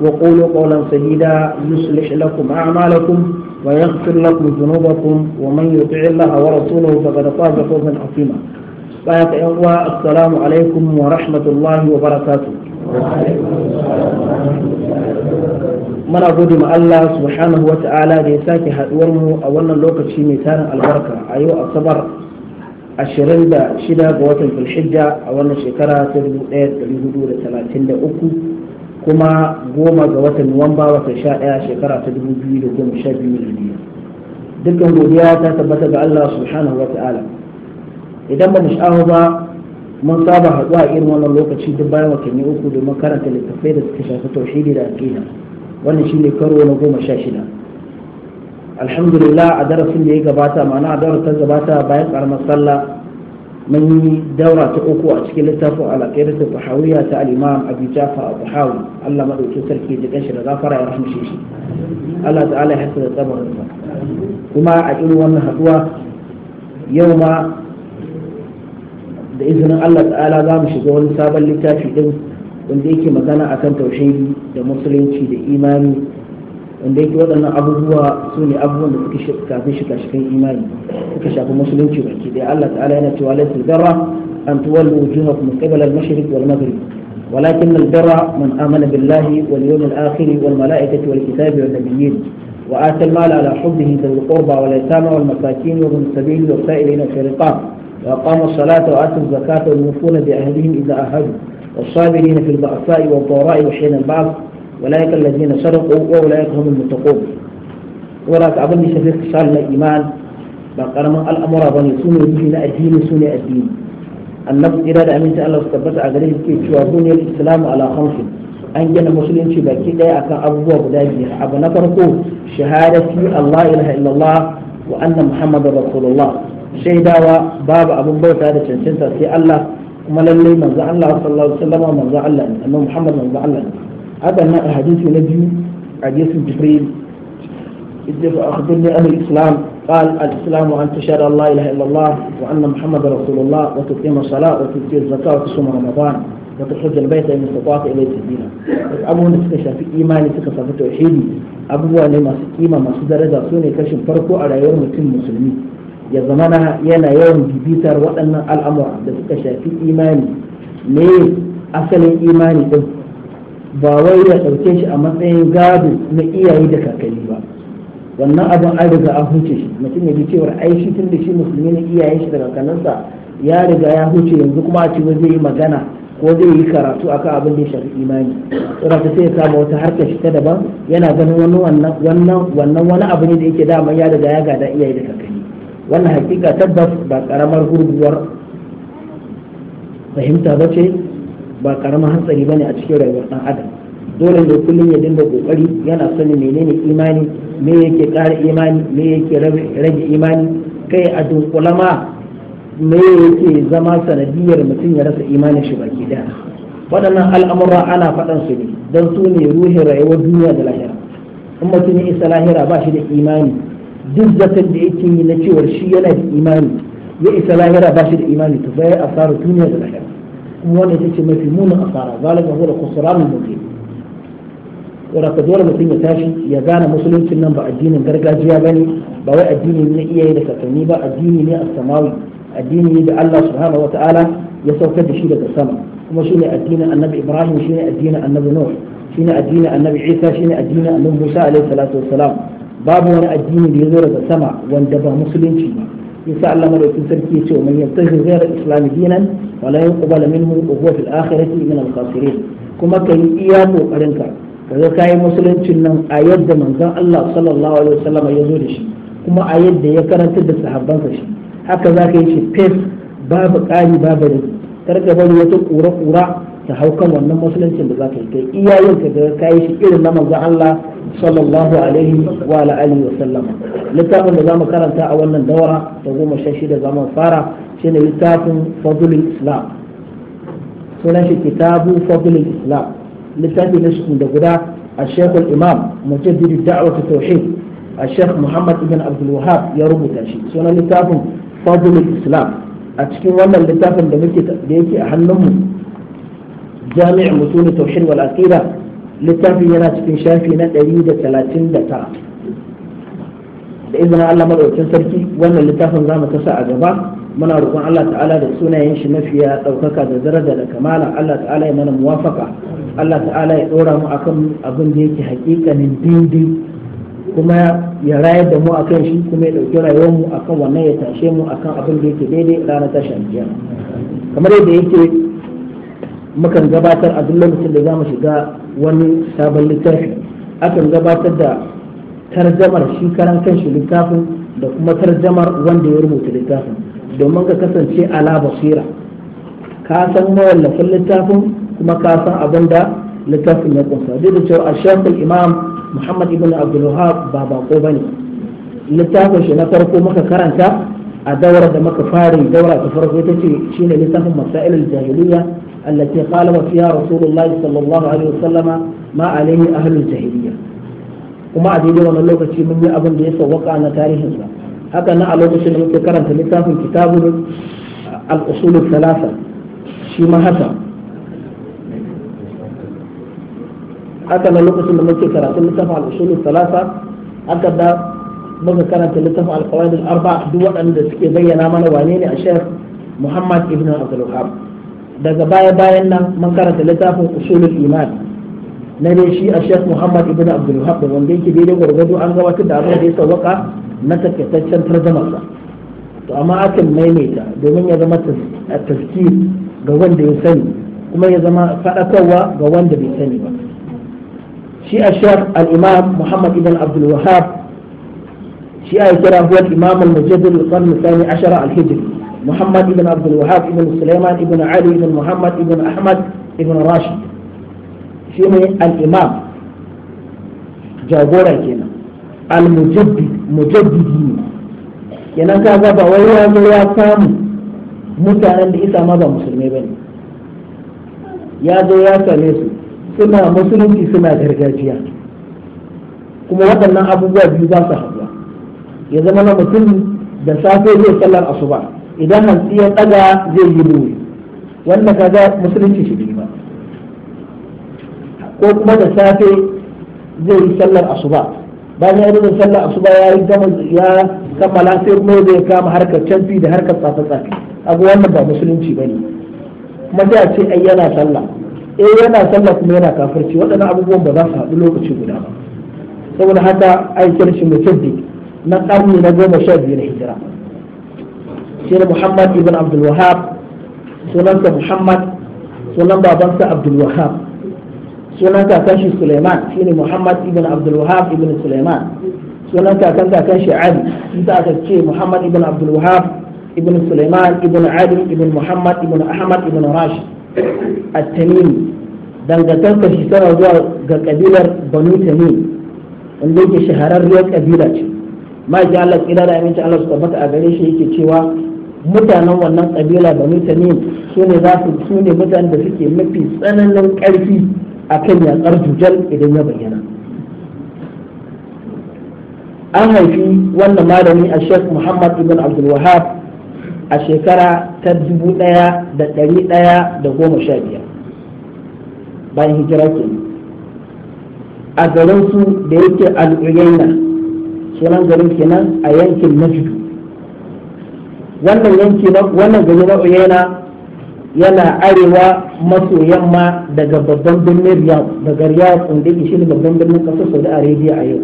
وقولوا قولا سديدا يصلح لكم أعمالكم ويغفر لكم ذنوبكم ومن يطع الله ورسوله فقد فاز فوزا عظيما بارك الله السلام عليكم ورحمة الله وبركاته muna gode ma Allah subhanahu wa ta'ala da ya sake haduwar mu a wannan lokaci mai tarin albarka a yau asabar 26 ga watan Zulhijja a wannan shekara ta 1433 kuma goma ga watan nuwamba watan sha ɗaya shekara ta dubu biyu da goma sha biyu da biyu dukkan godiya ta tabbata ga Allah subhanahu wa ta'ala idan ba mu sha'awa ba mun saba haɗuwa a irin wannan lokaci duk bayan watanni uku domin karanta littattafai da suka shafi tauhidi da aqida wannan shine karo na goma sha shida alhamdulillah a darasin da ya gabata ma'ana a darasin gabata bayan karamar sallah mun yi daura ta uku a cikin littafin alaƙar da tahawiyya ta al-imam abu jafa abu hawi allah maɗauki sarki da kanshi da zafara ya rahmshe shi allah ta'ala ya hasa da tsabarinsa kuma a irin wannan haɗuwa yau ma da izinin allah ta'ala zamu shiga wani sabon littafi ɗin wanda yake magana akan tausayi da musulunci da imani wanda yake waɗannan abubuwa su ne abubuwan da suka kafin shiga cikin imani suka shafi musulunci baki ɗaya Allah ta'ala yana cewa laysa darra an tuwallu wujuhakum qibla al-mashriq wal maghrib ولكن البر من آمن بالله واليوم الآخر والملائكة والكتاب والنبيين وآتى المال على حبه ذوي القربى واليتامى والمساكين وابن السبيل والسائلين في الرقاب وأقاموا الصلاة وآتوا الزكاة والموفون بأهلهم إذا أهلوا والصابرين في البأساء والضراء وحين البعث ولائك الذين صدقوا وأولئك هم المتقون وراك أبن شفي اتصال الإيمان بقرم الأمر بني سنة دين الدين سنة الدين النبي إذا أمنت الله استبت عليه كي تشوفون الإسلام على خمس an gina musulunci baki daya akan abubuwa guda biyar abu na farko shahadati Allah ilaha illallah wa anna muhammadar rasulullah shaidawa babu abin bauta da cancanta sai Allah kuma lallai manzo Allah sallallahu alaihi wasallam manzo Allah Muhammad manzo هذا ما حديث نبي حديث جبريل أخبرني عن الإسلام قال الإسلام أن تشهد الله إله إلا الله وأن محمد رسول الله وتقيم الصلاة وتؤتي الزكاة وتصوم رمضان وتحج البيت إن استطعت إليه سبيلا أبو نفسك في إيماني في في توحيدي أبو أن ما سكيمة ما سدر إذا كشم فرقو على يوم كل مسلمي يا زمانا ينا يوم بيتر وأن الأمر ده تكشف في إيماني ليه أصل إيماني ده ba wai ya ɗauke shi a matsayin gado na iyaye da kakanni ba wannan abin an riga an huce shi mutum ya ji cewar ai shi tun da shi musulmi ne iyayen shi da kakanninsa ya riga ya huce yanzu kuma a ce zai yi magana ko zai yi karatu akan abin da ya shafi imani tsoron ta sai ya kama wata harkar shi ta daban yana ganin wani wannan wannan wannan wani abu ne da yake dama ya riga ya gada iyaye da kakanni wannan hakika tabbas ba karamar gurguwar fahimta ba ce ba karamin hatsari ne a cikin rayuwar ɗan adam dole ne kullum ya dinga kokari yana sanin menene imani me yake ƙara imani me yake rage imani kai a dunkulama me yake zama sanadiyar mutum ya rasa imanin shi baki daya waɗannan al'amura ana faɗan su ne don su ne ruhin rayuwar duniya da lahira in mutum ya isa lahira ba shi da imani duk zaton da yake yi na cewar shi yana da imani ya isa lahira ba shi da imani to bai asarar duniya da lahira kuma wannan ita ce mafi munin asara zalika huwa khusranul mubin wanda ka dole mutum ya tashi ya gane musuluncin nan ba addinin gargajiya bane ba wai addini ne iyaye da kakanni ba addini ne as-samawi addini ne da Allah subhanahu wataala ya saukar da shi daga sama kuma shine addinin annabi Ibrahim shine addinin annabi Nuh shine addinin annabi Isa shine addinin annabi Musa alaihi salatu wassalam babu wani addini da ya zo daga sama wanda ba musulunci ba yasa Allah madaukakin sarki yace man yabtahi ghayra islam dinan wa la yuqbal minhu wa huwa fil akhirati min al khasirin kuma kai iya kokarin ka kaga kai musuluncin nan a yadda manzon Allah sallallahu alaihi wasallam ya zo da shi kuma a yadda ya karanta da sahabbansa shi haka zaka yi shi fes babu ƙari babu rage kar ka bari wata kura-kura ta hau kan wannan musuluncin da za ka yi kai iyayen ka ga kayi shi irin na manzon Allah sallallahu alaihi wa alihi wa sallama littafin da zamu karanta a wannan daura ta goma sha shida zamu fara shine littafin fadlul islam sunan shi kitabu fadlul islam littafi na shi da guda a shekul imam mujaddid da'wat tauhid a shekh muhammad ibn abdul wahab ya rubuta shi sunan littafin fadlul islam a cikin wannan littafin da muke da yake a hannunmu jami'in musulun tauhid wal aqida littafin yana cikin shafi na ɗari da da izinin Allah madaukakin sarki wannan littafin za mu kasa a gaba muna roƙon Allah ta'ala da sunayen shi mafiya ɗaukaka da daraja da kamala Allah ta'ala ya mana muwafaka Allah ta'ala ya ɗora mu akan abin da yake hakikanin daidai kuma ya rayar da mu a kan shi kuma ya ɗauki rayuwar mu a kan wannan ya tashe mu a kan abin da yake daidai ranar tashar jiya kamar yadda yake mukan gabatar a duk lokacin da za mu shiga wani sabon littafi akan gabatar da tarjamar shi karan kanshi littafin da kuma tarjamar wanda ya rubuta littafin domin ka kasance ala basira ka san mawallafin littafin kuma ka san abin da littafin ya kunsa duk da cewa shafin imam muhammad ibn abdul wahab ba bako bane littafin shi na farko muka karanta a daura da muka fara daura ta farko ita ce shine littafin masailul jahiliya allati qalaba fiha rasulullahi sallallahu alaihi wasallama ma alaihi ahlul jahiliya kuma a daidai wannan lokaci mun yi abin da ya sawwaka na tarihin sa haka na a lokacin da muke karanta littafin kitabun al-usul thalatha shi ma haka haka na lokacin da muke karanta littafin al-usul thalatha haka da muka karanta littafin alqawaidul arba duk waɗanda suke bayyana mana wane ne a shekh muhammad ibn abdul daga baya bayan nan mun karanta littafin usulul iman na ne shi a shekh muhammad ibn abdul da wanda yake daidai gwargwado an gabatar da abin da ya sauwaka na takaitaccen tarjamarsa to amma akan maimaita domin ya zama taskir ga wanda ya sani kuma ya zama faɗakarwa ga wanda bai sani ba shi a shekh al-imam muhammad ibn Abdulwahab. shi ya kira huwa imam al-mujaddid al-qarn al-thani ashara al muhammad ibn abd al ibn sulaiman ibn ali ibn muhammad ibn ahmad ibn rashid shi ne al-imam kenan al ba wai ya zo ya samu mutanen da isa ma ba ba ne ya zo ya same su suna musulunci suna gargajiya kuma waɗannan abubuwa biyu za su haɗu ya zama na mutum da safe zai sallar asuba idan hantsi ya daga zai yi duwi wannan kaga musulunci shi ba ko kuma da safe zai yi sallar asuba bayan ya da sallar asuba ya gama ya kammala sai kuma zai kama harkar canfi da harkar tsafe tsafe abu wannan ba musulunci ba ne kuma sai a ce ai yana sallah eh yana sallah kuma yana kafirci waɗannan abubuwan ba za su haɗu lokaci guda ba saboda haka ai mutum duk na ƙarni na goma sha biyu na hijira shi ne muhammad ibn abdulwahab wahab sunansa muhammad sunan babansa abdulwahab wahab sunan kakan shi suleiman shi ne muhammad ibn abdulwahab wahab ibn suleiman sunan kakan kakan shi ali in ta aka ce muhammad ibn abdulwahab wahab ibn suleiman ibn ali ibn muhammad ibn ahmad ibn rashid at-tamimi dangantakar shi tana zuwa ga kabilar banu tamim wanda yake shahararriyar kabila ce ma'aikin Allah tsira da aminci Allah su tabbata a gare shi yake cewa mutanen wannan kabila da mutane su ne za su su ne mutanen da suke mafi tsananin ƙarfi a kan yaƙar jujal idan ya bayyana an haifi wannan malami a shek muhammad ibn abdul wahab a shekara ta dubu ɗaya da ɗari ɗaya da goma sha biyar bayan hijira ke a garinsu da yake al'uyaina sunan garin kenan a yankin najd wannan yanki wannan gari na uyayna yana arewa maso yamma daga babban birnin riyadh daga riyadh wanda yake shi babban birnin kasar saudi arabia a yau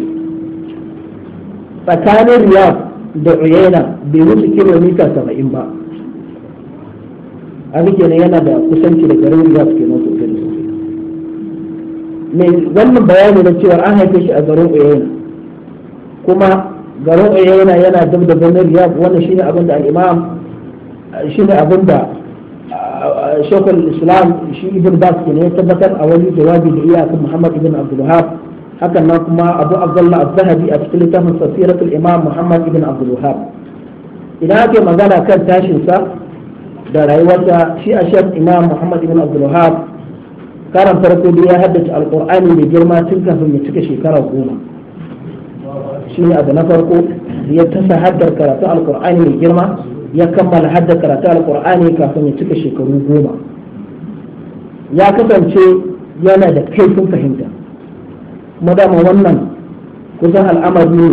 tsakanin riyadh da uyayna bai wuce kilomita saba'in ba abin kenan yana da kusanci da garin riyadh kenan sosai da sosai wannan bayani na cewa an haife shi a garin uyayna kuma garin uyayna yana dab da birnin riyadh wanda shine abin da al-imam shine abin da uh, uh, shekul islam shi ibn bas ke ne tabbatar a wani jawabi da iya kan muhammad ibn abdul wahab hakan nan kuma abu abdullah az-zahabi a cikin littafin siratul imam muhammad ibn abdul wahab idan ake magana kan tashin sa da rayuwarsa shi a shek imam muhammad ibn abdul wahab karan farko da ya haddace alqur'ani mai girma tun kafin ya cika shekara goma shine abu na farko ya tasa haddar karatu alkur'ani mai girma ya kammala haddar karatu alkur'ani kafin ya cika shekaru goma ya kasance yana da kaifin fahimta madama wannan kusan al'amari ne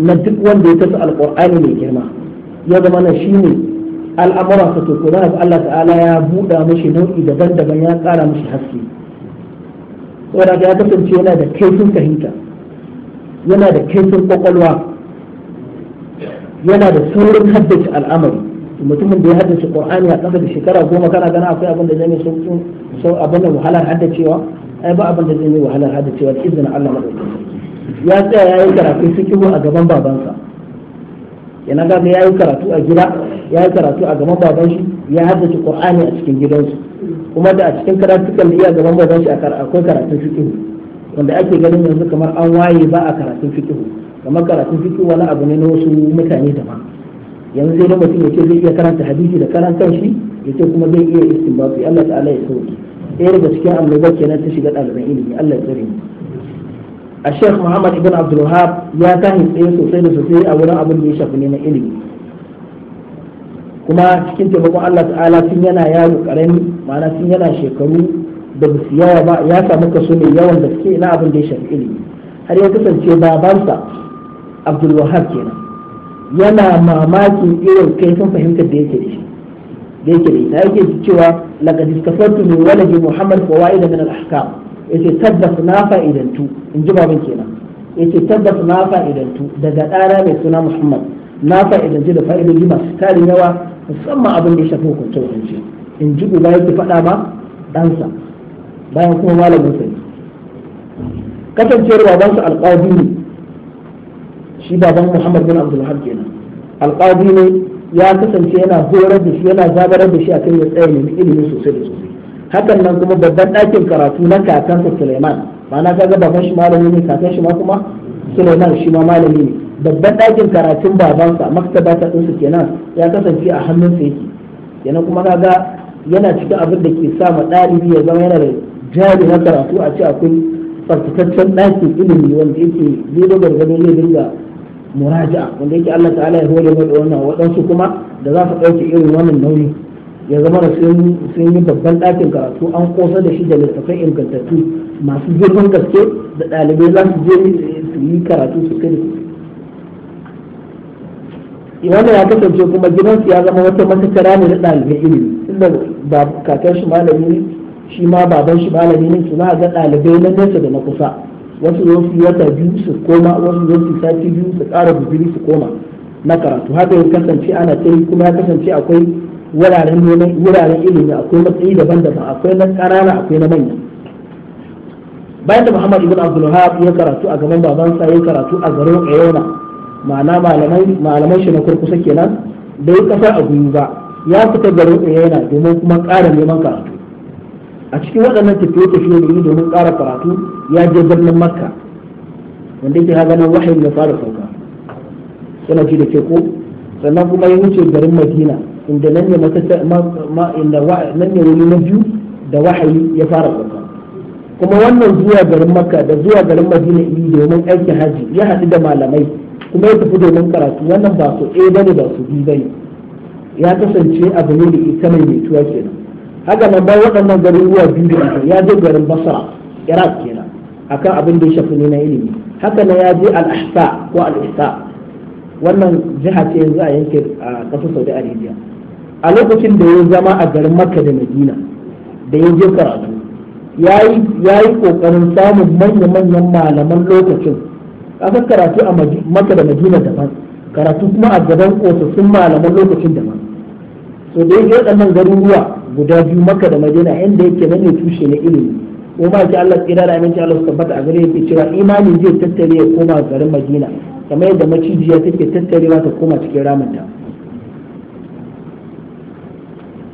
na duk wanda ya tasa alkur'ani mai girma ya zama na ne al'amuran sa to ko Allah ta'ala ya buɗa mashi nau'i daban-daban ya ƙara mashi haske saboda ya kasance yana da kaifin fahimta yana da kaifin kwakwalwa yana da saurin haddace al'amari mutumin da ya haddace qur'ani a ƙasa da shekara goma kana gana akwai abin da zai mai sauƙin sau abin da wahalar haddacewa ai ba abin da zai mai wahalar haddacewa da izinin Allah madaukakin ya tsaya ya yi karatu fikihu a gaban babansa yana ga ya yi karatu a gida ya yi karatu a gaban baban shi ya haddace qur'ani a cikin gidansu kuma da a cikin karatukan da iya gaban baban shi akwai karatun fikihu wanda ake ganin yanzu kamar an waye ba a karatun fikihu kamar karatun fikihu wani abu ne na wasu mutane da ma yanzu sai da mutum ya ce zai iya karanta hadisi da karanta shi ya ce kuma zai iya istinbati Allah ta'ala ya sauke ɗaya daga cikin annobar kenan ta shiga ɗaliban ilimi Allah ya tsare mu a sheikh muhammad ibn abdul ya tahi tsaye sosai da sosai a wurin abin da ya shafi neman ilimi kuma cikin taimakon allah ta'ala tun yana yaro karami ma'ana tun yana shekaru da ya samu kaso mai yawan gaske na abin da ya shafi ilimi har ya kasance babansa abdulwahab kenan yana mamakin irin kaifin fahimtar da yake da shi da yake da ita yake cewa laqad istafartu wani waladi muhammad fawaid min al'ahka ya ce tabbas na fa'idantu in ji baban kenan ya ce tabbas na fa'idantu daga ɗana mai suna muhammad na fa'idantu da fa'idoji masu tarin yawa musamman abin da ya shafi hukunce hukunce in ji uba yake faɗa ba ɗansa bayan kuma malamin sa kasancewar babansa alƙadi ne shi baban Muhammad bin Abdul Wahab kenan alƙadi ne ya kasance yana horar da shi yana zabarar da shi akan ya tsaya ne ilimi sosai da sosai hakan nan kuma babban ɗakin karatu na kakansa Suleiman ma'ana kaga baban shi malami ne kakan shi ma kuma Suleiman shi ma malami ne babban ɗakin karatun babansa maktaba ta ɗinsu kenan ya kasance a hannunsa yake kenan kuma kaga yana cikin abin da ke sa ma ɗalibi ya zama yana da jari na karatu a ce akwai tsarkakaccen ɗakin ilimi wanda yake zai da gargado zai dinga muraja wanda yake Allah ta'ala ya hore mai wannan waɗansu kuma da za su ɗauke irin wannan nauyi ya zama da sun yi babban ɗakin karatu an kosa da shi da littattafai ingantattu masu girman gaske da ɗalibai za su je su yi karatu su kai wannan ya kasance kuma gidansu ya zama wata matakara ne na ɗalibai ilimi inda ba kakar shi malami shi ma baban shi malami ne su za ga ɗalibai na nesa da na kusa wasu zo su wata biyu su koma wasu zo su sati biyu su ƙara bibiri su koma na karatu haka ya kasance ana yi kuma ya kasance akwai wuraren neman wuraren ilimi akwai matsayi daban-daban akwai na karana akwai na manya bayan da Muhammad ibn Abdul Wahab ya karatu a gaban babansa ya karatu a garin Ayona ma'ana malamai shi na kurkusa kenan bai kasar a guyu ba ya fita garin Ayona domin kuma kara neman karatu a cikin waɗannan tafiye-tafiye da yi domin ƙara karatu ya je birnin makka wanda yake haga nan wahayin ya fara sauka suna ji da ke ko sannan kuma ya wuce garin madina inda nan ne nan ne wani na biyu da wahayi ya fara sauka kuma wannan zuwa garin makka da zuwa garin madina yi domin aikin haji ya haɗu da malamai kuma ya tafi domin karatu wannan ba su ɗaya bane ba su biyu bane ya kasance abu ne da ita mai tuwa kenan haka nan ba waɗannan ruwa biyu da ya je garin basra iraq kenan akan abin da ya shafi ne na ilimi haka nan ya je al-ahsa ko al-ihsa wannan jiha ce yanzu a yankin a ƙasar saudi arabia a lokacin da ya zama a garin makka da madina da ya je karatu ya yi ƙoƙarin samun manya-manyan malaman lokacin kasar karatu a makka da madina daban karatu kuma a gaban ƙosassun malaman lokacin daban so da ya je waɗannan garuruwa guda biyu maka da madina inda yake nan ne tushe na ilimi ko ma ki Allah tsira da aminci Allah su tabbata a gare yake cewa imanin zai tattare ya koma garin madina kamar yadda macijiya take tattarewa ta koma cikin ramunta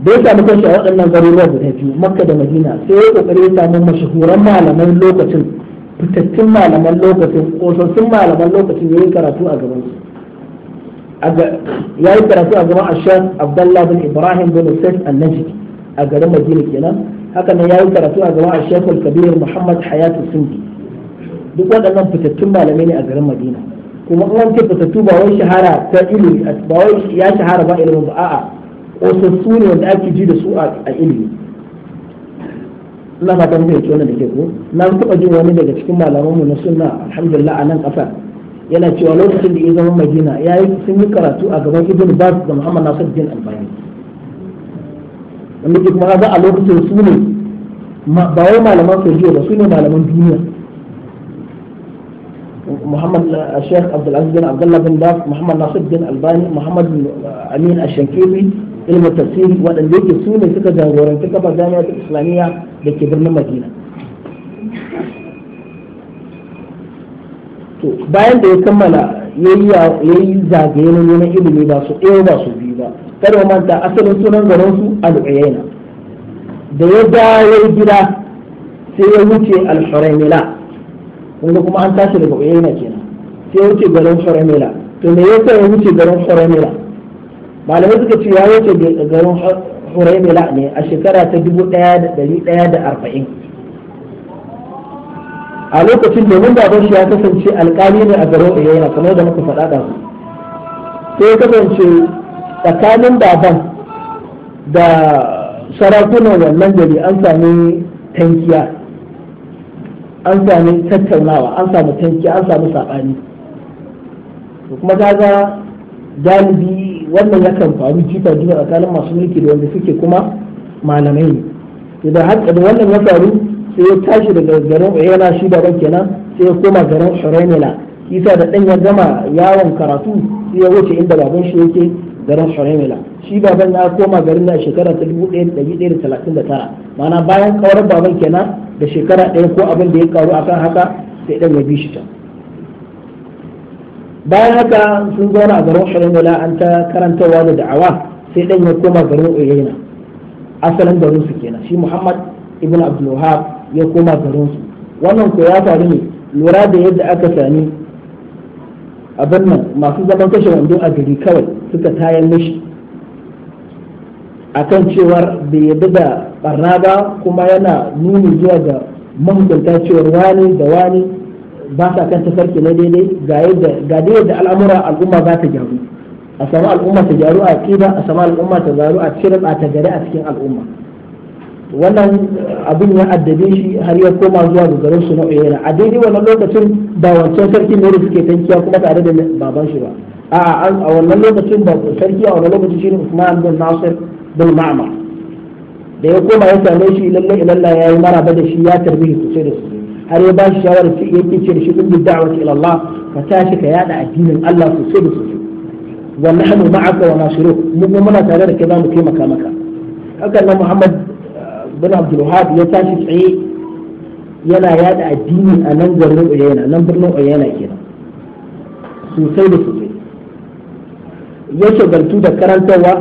bai ya samu kanshi a waɗannan garuruwa guda biyu makka da madina sai ya kokari ya samu mashahuran malaman lokacin fitattun malaman lokacin ƙosassun malaman lokacin ya yi karatu a gaban su ya yi karatu a gaban ashar abdullah bin ibrahim bin usaid an-najdi a garin madina kenan haka nan ya yi karatu a gaban ashekul kabir muhammad hayatu sindi duk waɗannan fitattun malamai ne a garin madina kuma an ce fitattu ba wai shahara ta ilimi ba wai ya shahara ba ilimin ba a'a ƙosassu ne wanda ake ji da su a ilimi ina fatan zai ce da ke ko na taɓa jin wani daga cikin malamanmu na sunna alhamdulillah a nan ƙasa yana cewa lokacin da ya zama madina ya yi sun yi karatu a gaban ibn bas da muhammad nasir jin albani wanda ke kuma za a lokacin su ne ba wai malaman sojiya ba su ne malaman duniya muhammad uh, shek abdullahi bin abdullahi bin daf muhammad nasir bin albani muhammad uh, amin a shankiri ilmi tafsiri waɗanda yake su ne suka jagoranci kafa jami'a islamiyya da ke birnin madina to bayan da ya kammala ya yi zagaye na neman ilimi ba su ɗaya ba su biyu ba kada mu manta asalin sunan garin su al-uyayna da ya dawo gida sai ya wuce al-huraymila kuma an tashi daga uyayna kenan sai ya wuce garin huraymila to me yasa ya wuce garin huraymila malamai suka ce ya wuce garin huraymila ne a shekara ta 1140 a lokacin domin baban shi ya kasance alƙali ne a garin uyayna kamar da muka faɗa da su sai ya kasance tsakanin baban da sarakunan wannan gari an sami tankiya an sami tattaunawa an sami tankiya an sami saɓani kuma kaga galibi wannan yakan faru jita jita tsakanin masu mulki da wanda suke kuma malamai ne idan haka da wannan ya faru sai ya tashi daga garin uyana shi da ban kenan sai ya koma garin shurainila isa da ɗan ya gama yawon karatu sai ya wuce inda baban shi yake garin Huraimila shi baban ya koma garin a shekara ta 1139 mana bayan kawar baban kenan da shekara ɗaya ko abin da ya karu akan haka sai ɗan ya bi shi ta bayan haka sun zauna a garin Huraimila an ta karantarwa da da'awa sai ɗan ya koma garin Uyayna asalin garin su kenan shi Muhammad ibn Abdul ya koma garin su wannan ko ya faru ne lura da yadda aka sami abin nan masu zaman kashe wando a gari kawai suka tayar mishi a kan cewar bai yadda da barna ba kuma yana nuni zuwa ga mahukunta cewar wani da wani ba sa kan tafarki na daidai ga da yadda al'amura al'umma za ta gyaru a samu al'umma ta gyaru a ƙida a samu al'umma ta gyaru a cire a gari a cikin al'umma wannan abin ya addabe shi har ya koma zuwa ga garin su na Uyayna a daidai wannan lokacin ba wancan sarki ne da suke tankiya kuma tare da baban shi ba a a wannan lokacin ba sarki a wannan lokacin shine Usman bin Nasir bin Ma'mar da ya koma ya same shi lalle ilalla yayi maraba da shi ya tarbihi sosai da sosai har ya ba shi shawara ce yake ce da shi din da'wati ila Allah ka tashi ka yada addinin Allah sosai da sosai wa nahnu ma'aka wa nasiruk mu muna tare da kai za mu taimaka maka haka nan Muhammad abdul wahab ya tashi tsaye yana yada addini a nan garin uyana nan birnin uyana kenan sosai da sosai ya shagaltu da karantarwa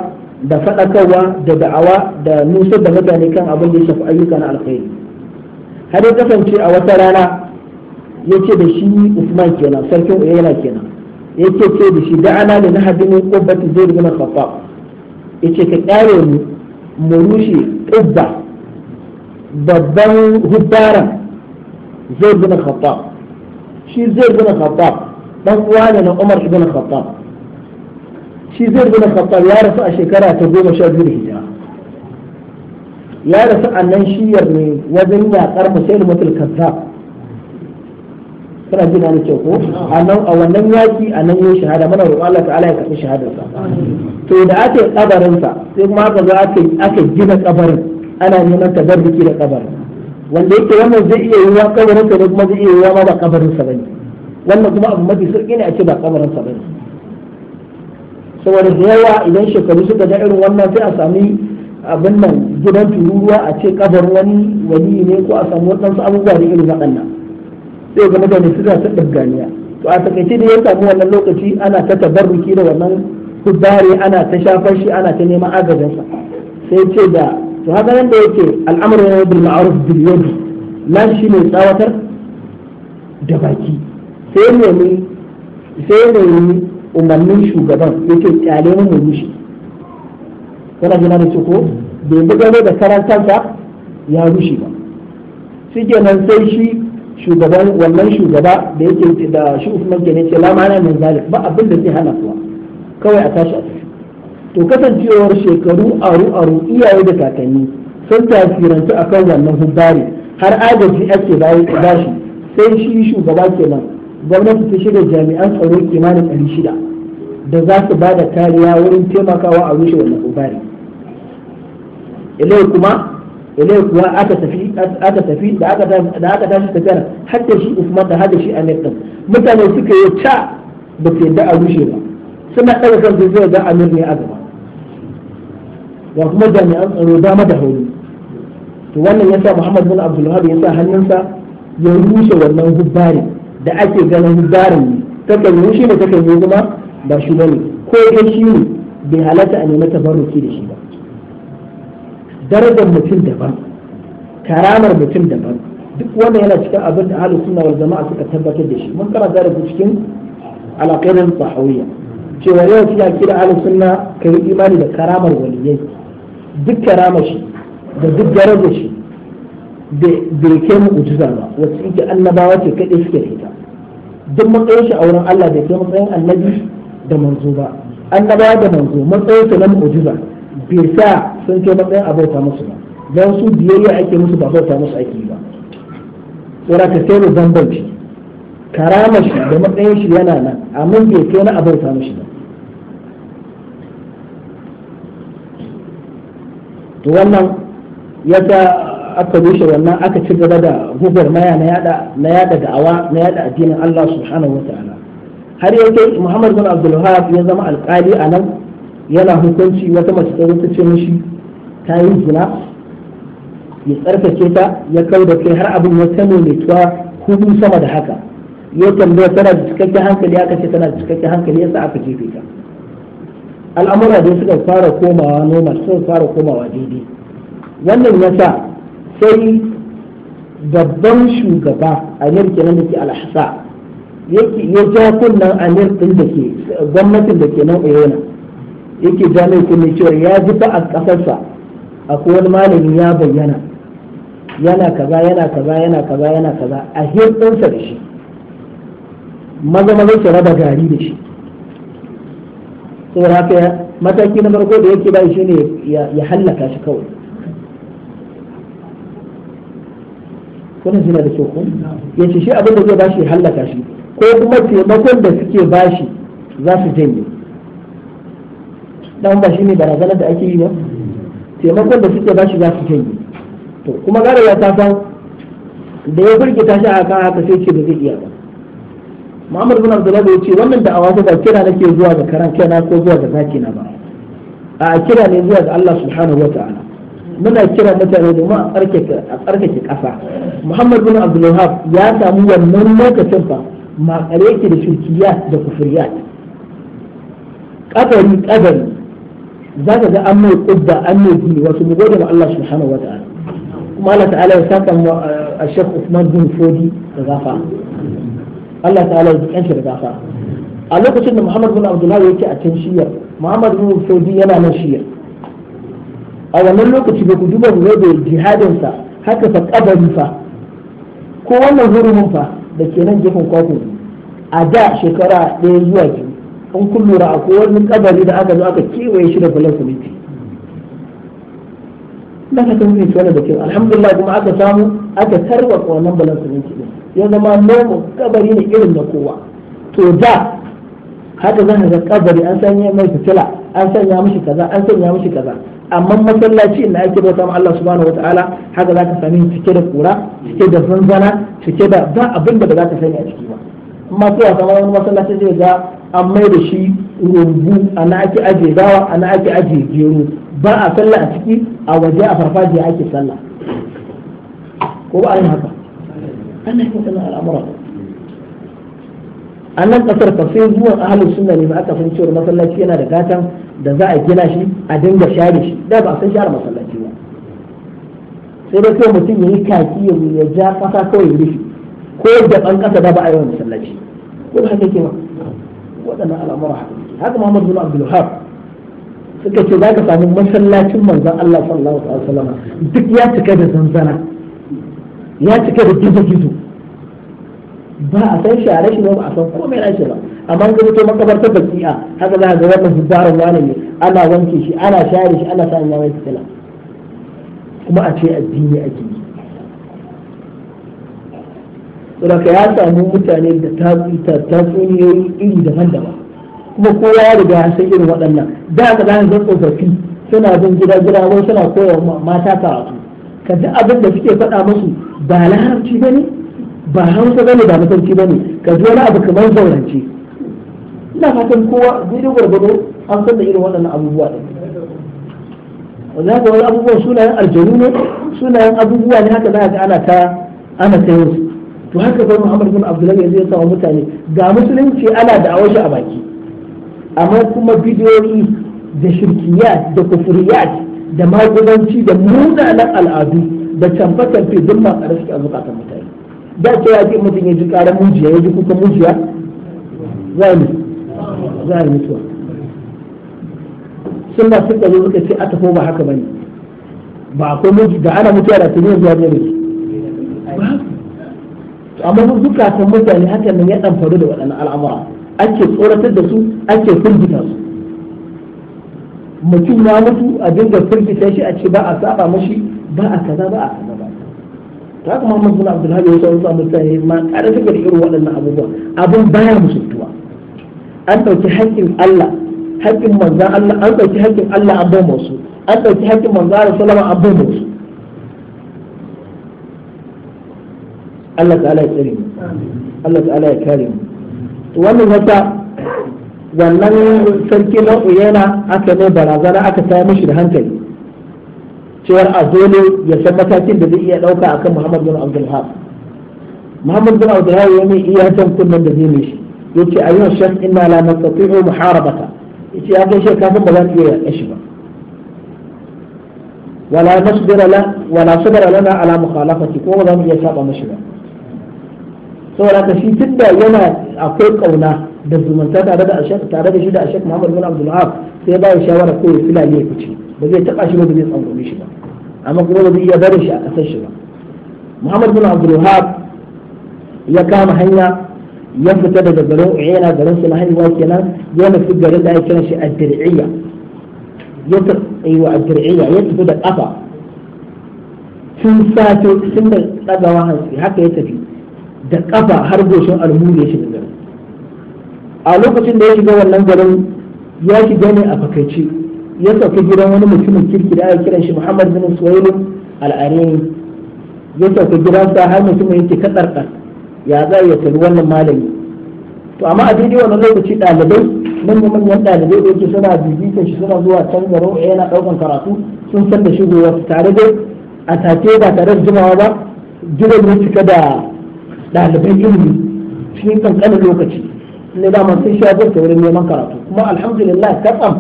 da faɗakarwa da da'awa da nusar da mutane kan abin da ya shafi ayyuka na alkhairi har ya kasance a wata rana ya ce da shi usman kenan sarkin uyana kenan ya ce ce da shi da'ana da nahadin qubbati zai bin khattab ya ce ka ƙare mu mu rushe ƙubba babban hubbaran zai bin khattab shi zai bin khattab dan uwa ne na Umar ibn Khattab shi zai bin khattab ya rasu a shekara ta goma sha biyu hijira ya rasu a nan shiyar ne wajen yaƙar musulmatul kazzab kana jina ne ce ko a nan a wannan yaki a nan yin shahada mana roƙon Allah ta'ala ya karɓi shahadarsa to da aka yi kabarinsa sai kuma aka zo aka gina kabarin ana neman tabarruki da kabarin wanda yake wannan zai iya yiwuwa kabarin sa ne kuma zai iya yiwuwa ma ba kabarin sa bane wannan kuma abu mafi sauki ne a ce ba kabarin sa bane saboda da yawa idan shekaru suka da irin wannan sai a sami abin nan gidan tururuwa a ce kabarin wani wani ne ko a samu wadansu abubuwa da irin waɗannan sai ga mutane suna ta ganiya to a takaice da ya samu wannan lokaci ana ta tabarruki da wannan kubare ana ta shafar shi ana ta neman agajinsa sai ce da to haka nan da yake al'amarin bil ma'aruf bil yadi nan shi ne tsawatar da baki sai ne sai umarnin shugaban ce kyale mu mu mushi kana jina da ko bai buga da karantarsa ya rushe ba shi kenan sai shi shugaban wannan shugaba da yake da shi Usman ke ce la ma'ana min ba abin da zai hana kuwa kawai a tashi a tafi to kasancewar shekaru aru aru iyaye da kakanni sun tasirantu kan wannan hubbari har agaji ake bashi sai shi shugaba kenan gwamnati ta shiga jami'an tsaro kimanin ɗari shida da za su ba da kariya wurin taimakawa a rushe wannan hubbari ilai kuma ilai kuwa aka tafi aka tafi da aka tashi tafiyar har da shi Usman da har da shi Amir din mutane suka yi ta ba su yadda a rushe ba suna ɗaga kan zai ga Amir ne a gaba ga kuma jami'an tsaro dama da hauri to wannan yasa Muhammad bin Abdul Wahab yasa hannunsa ya rushe wannan hubbari da ake ganin hubbarin ne takan rushe ne takan yi kuma ba shi bane ko dai shi ne bai halatta a nemi tabarruki da shi ba darajar mutum daban karamar mutum daban duk wannan yana cikin abin da ahlus sunna wal jama'a suka tabbatar da shi mun karanta da cikin alaqirin sahawiyya cewa yau kina kira ahlus sunna kai imani da karamar waliyai duk karama shi da duk daraja shi bai kai mu'ujiza ba wasu yake annabawa ce kaɗai suke da ita duk matsayin shi a wurin Allah bai kai matsayin annabi da manzo ba annabawa da manzo matsayin su na mu'ujiza bai sa sun kai matsayin abauta musu ba don su biyayya ake musu ba bauta musu ake yi ba tsora ka sai mu bambanci karama shi da matsayin shi yana nan amma bai kai na abauta musu ba to wannan yadda aka rushe wannan aka ci gaba da maya na yada na yada da'awa na yada addinin Allah subhanahu wataala har yake Muhammad bin Abdul Wahab ya zama alƙali a nan yana hukunci wata mace ta ta ce mishi ta yi zina ya tsarkake ta ya kau da kai har abin ya kame mai tuwa hudu sama da haka ya tambaya tana da cikakken hankali aka ce tana da cikakken hankali yasa aka jefe ta al'amura dai suka fara komawa noma suka fara komawa daidai wannan ya sa sai babban shugaba a kenan da ke alhassa ya ja kunnan a yankin da ke gwamnatin da ke nan yana yake ja mai kunne cewa ya ji fa a kasarsa a wani malami ya bayyana yana kaza yana kaza yana kaza yana kaza a hirɗinsa da shi maza maza su raba gari da shi saboda haka mataki na farko da yake bai shine ya hallaka shi kawai wannan suna da soko ya ce shi abin da zai bashi ya hallaka shi ko kuma taimakon da suke bashi za su janye dan ba shi ne barazanar da ake yi ba taimakon da suke bashi za su janye to kuma gara ya ta san da ya firgita shi a kan haka sai ce ba zai iya ba Muhammad bin Abdullah ya ce wannan da'awa ta ba kira nake zuwa ga karan kaina ko zuwa ga zakina ba a kira ne zuwa ga Allah subhanahu wata'ala muna kira mutane domin a tsarkake kasa Muhammad bin Abdullah ya samu wannan lokacin fa ma yake da shirkiya da kufriya kadari kadari za ka ga an mai kudda an mai gini wasu mu gode ma Allah subhanahu wata'ala kuma Allah ta'ala ya saka mu a eh, Sheikh Usman bin Fodi da zafa. Allah ta'ala ya jikan shi da gafa a lokacin da Muhammad bin Abdullahi yake a can shiyar Muhammad bin Saudi yana nan shiyar a wannan lokaci da ku duba mu da jihadin sa haka fa kabari fa ko wannan hurumin fa da ke nan gefen kwakwun a da shekara ɗaya zuwa biyu an kullura a wani kabari da aka zo aka kewaye shi da bulan siminti na ka san zai tona da kyau alhamdulillah kuma aka samu aka tarwatsa wannan balan siminti din ya zama nomo kabari ne irin na kowa to da haka zan ga kabari an sanya mai fitila an sanya mishi kaza an sanya mishi kaza amma masallaci inda ake bauta ma Allah subhanahu wataala haka za ka sami cike da kura cike da zanzana cike da ba abin da ba za ka sani a ciki ba amma sai a samu wani masallaci zai ga an mai da shi rumbu ana ake ajiye gawa ana ake ajiye gero ba a sallah a ciki a waje a farfajiya ake sallah ko ba a yin haka an yi waɗannan al'amura a nan ƙasar ka sai zuwan ahalin sunna ne ba aka san cewa masallaci yana da gatan da za a gina shi a dinga share shi da ba a san share masallaci ba sai dai kawai mutum ya yi kaki ya ja ƙasa kawai ya rufe ko da ban ƙasa da ba a yi wa masallaci ko da haka ke ba waɗannan al'amura haka haka Muhammadu bin Abdul Wahab suka ce za ka samu masallacin manzon Allah sallallahu alaihi wasallam duk ya cika da zanzana ya cika da gizo-gizo ba a san shi a rashi ba a san komai na ba amma ga mutum makabarta da ki'a haka za a ga wannan hibbaran wani ne ana wanke shi ana share shi ana sanya mai fitila kuma a ce addini ake yi saboda ya samu mutane da tatsuniyoyi iri daban-daban kuma kowa ya riga ya san irin waɗannan da ka zan zan tsofaffi suna bin gida gida wai suna koya mata karatu ka ji abin da suke faɗa musu ba larabci ba ne ba hausa ba ne ba mutunci ba ne ka ji wani abu kamar zaurance ina fatan kowa daidai gwargwado an san da irin waɗannan abubuwa ɗin wannan ga wani abubuwan sunayen aljanu ne sunayen abubuwa ne haka za ana ta ana ta yau to haka bai Muhammad bin Abdullahi ya sa mutane ga musulunci ana da awashi a baki amma kuma bidiyoyi da shirkiyat da kufuriyat da magudanci da munanan al'adu da canfa canfe duk ma a suke a zukatan mutane da ke ya ce mutum ya ji karar mujiya ya ji kuka mujiya za ne za a mutuwa sun ba su tsaro suka ce a tafi ba haka bane ba akwai kuma da ana mutuwa da tuni zuwa ne amma zukatan mutane hakan nan ya ɗan faru da waɗannan al'amura ake tsoratar da su ake firgita su mutum ya mutu a dinga firgita shi a ce ba a saba mashi ba a kaza ba a kaza ba ta kuma Muhammad suna Abdul Hadi wasu wasu mutane ma kada take da irin waɗannan abubuwa abun baya musu tuwa an ɗauki haƙƙin Allah haƙƙin manzan Allah an ɗauki haƙƙin Allah an bai musu an ɗauki haƙƙin manzan Allah sallama an bai musu Allah ta'ala ya tsare mu Allah ta'ala ya kare mu wannan yasa wannan sarki na uyena aka mai barazana aka tayar mashi da hankali cewar a dole ya san matakin da zai iya ɗauka akan muhammad bin abdulhab muhammad bin abdulhab ya mai iya can kunnen da zai mishi yace ayyuha shaf inna la nastati'u muharabata yace ya kai kafin ba za iya yaƙe shi ba wala nasbira la wala sabara lana ala mukhalafati ko ba za mu iya saba mashi ba saboda ka shi da yana akwai kauna da zumunta tare da ashek tare da shi da ashek Muhammad bin Abdul Wahab sai ba ya shawara ko ya filale ya fice ba zai taba shi ba zai tsangwame shi ba amma kuma ba zai iya barin shi a kasar shi ba Muhammad bin Abdul Wahab ya kama hanya ya fita daga garin Uyayna garin su mahaifa kenan ya nufi garin da ake kiran shi a diriyya ya tafi eh, wa a diriyya ya tafi da kafa tun sati tun da dagawa hansi haka ya tafi da kafa har goshin almuru ya shiga garin a lokacin da ya shiga wannan garin ya shiga ne a fakaice ya sauka gidan wani mutumin kirki da aka kiran shi Muhammad bin Suwayl al-Arini ya sauka gidan sa har mutumin yake kadarkar ya za ya tafi wannan malami to amma a daidai wannan lokaci ɗalibai nan da manyan ɗalibai da yake suna bibitan shi suna zuwa can garo eh, yana ɗaukan karatu sun san da shigowa tare da a take ba tare da jimawa ba jiran ya cika da ɗalibai ilimi cikin kankanin lokaci ne dama sun sha ta wurin neman karatu kuma alhamdulillah katsam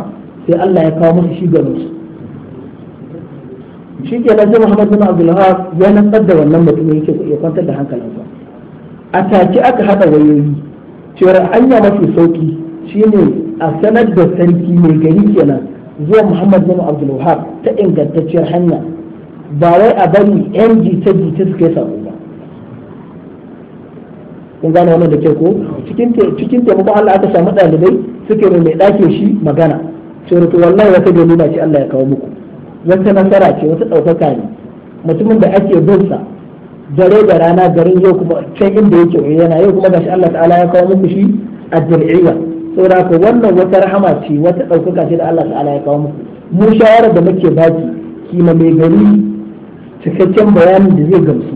sai Allah ya kawo musu shi garin su shi ke nan sai Muhammad bin Abdulhaq ya nantsar da wannan mutum yake ya kwantar da hankalinsa a take aka haɗa wayoyi cewar anya mafi sauki shine a sanar da sarki mai gari kenan zuwa Muhammad bin Abdulwahab ta ingantacciyar hanya ba wai a bari yan jita jita suka yi sako kun gane wannan da ke ko cikin cikin taimakon Allah aka samu dalibai suke mai mai dakin shi magana cewa to wallahi wata dalila ce Allah ya kawo muku wata nasara ce wata daukaka ne mutumin da ake bin sa dare da rana garin yau kuma can inda yake yana yau kuma gashi Allah ta'ala ya kawo muku shi a dir'iyya saboda haka wannan wata rahama ce wata daukaka ce da Allah ta'ala ya kawo muku mu shawara da muke baki kima mai gari cikakken bayanin da zai gamsu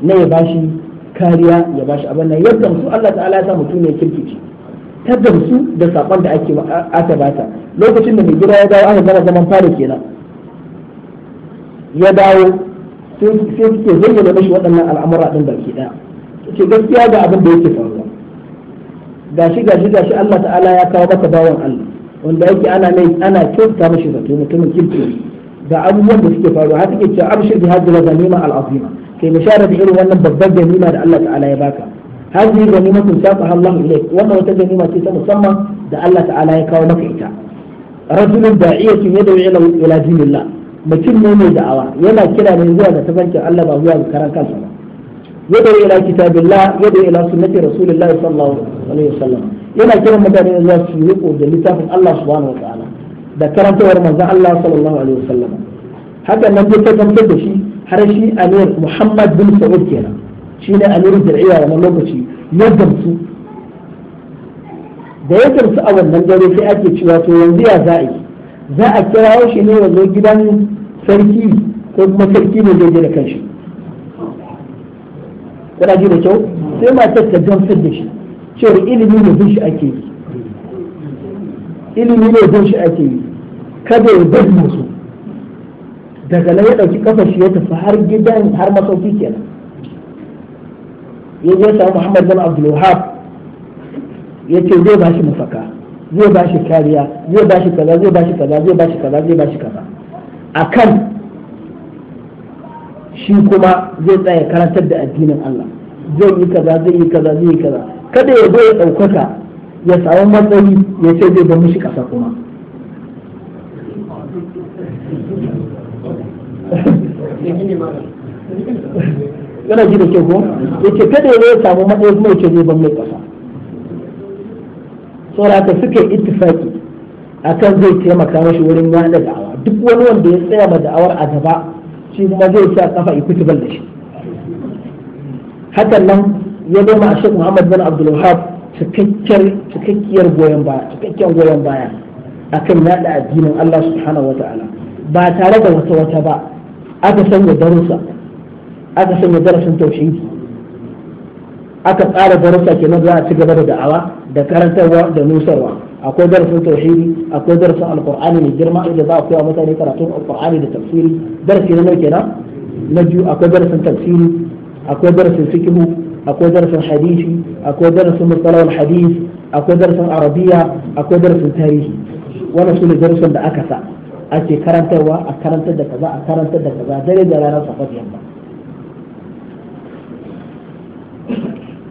na ya bashi kariya ya bashi abin nan yadda su Allah ta'ala ya sa mutum ya kirkice ta gamsu da sakon da ake aka bata lokacin da mai gida ya dawo aka gama zaman fara kenan ya dawo sai suke zayyana mashi waɗannan al'amura ɗin baki ɗaya ce gaskiya ga abin da yake faruwa gashi gashi gashi Allah ta'ala ya kawo maka bawan Allah wanda yake ana mai ana kyauta mashi zato mutumin kirki ga abubuwan da suke faruwa haka ke cewa abshir bi hadhihi al-ghanima kai bishara da irin wannan babbar ganima da Allah ta'ala ya baka hadhihi ganimatun safaha Allah ilayk wannan wata ganima ce ta musamman da Allah ta'ala ya kawo maka ita rajulun da'iyatun yad'u ila ila dinillah mutum ne mai da'awa yana kira ne zuwa ga tafarkin Allah ba zuwa ga karan kansa ba yad'u ila kitabillah yad'u ila sunnati rasulillah sallallahu alaihi wasallam yana kiran mutane zuwa su riko da littafin Allah subhanahu wa ta'ala da karantawar manzon Allah sallallahu alaihi wasallam hakan nan zai tabbatar da shi har shi amir muhammad bin sa'ud kenan shi ne amirin jir'iya wannan lokaci ya gamsu da ya gamsu a wannan dare sai ake cewa to yanzu ya za a za a kira shi ne wanzo gidan sarki ko kuma sarki ne zai je da kanshi kuna ji da kyau sai matar ta gamsar da shi cewar ilimi ne bin shi ake yi ilimi ne bin shi ake yi kada ya bar musu daga nan ya ɗauki kafar shi ya tafi har gidan har masauki kenan ya zo sa Muhammad bin Abdul Wahab ya ce zai ba shi mafaka zai ba shi kariya zai ba shi kaza zai ba shi kaza zai ba shi kaza zai ba shi kaza akan shi kuma zai tsaya karantar da addinin Allah zai yi kaza zai yi kaza zai yi kaza kada ya zo ya ɗaukaka ya samu matsayi ya ce zai ba mishi kasa kuma yana ji da kyau ko yace kada ya samu matsayi kuma yace zai ban mai kasa saboda suka yi ittifaki akan zai taimaka mashi wurin da da'awa duk wani wanda ya tsaya ma da'awar a gaba shi kuma zai sa kafa ikutubal da shi hakan nan ya doma a shek muhammad bin abdul wahab cikakkiyar goyon baya cikakken goyon baya akan yada addinin allah subhanahu wa ta'ala ba tare da wata wata ba aka sanya darussa aka sanya darasin tauhidi aka tsara darussa kenan za a ci gaba da da'awa da karantarwa da nusarwa akwai darasin tauhidi akwai darasin alkur'ani mai girma inda za a koya mutane karatun alkur'ani da tafsiri darasi na nau kenan na biyu akwai darasin tafsiri akwai darasin fikihu akwai darasin hadisi akwai darasin mustalahul hadis akwai darasin arabiya akwai darasin tarihi wannan su ne darasin da aka sa ake karantarwa a karantar da kaza a karantar da kaza dare da ranar safar yamma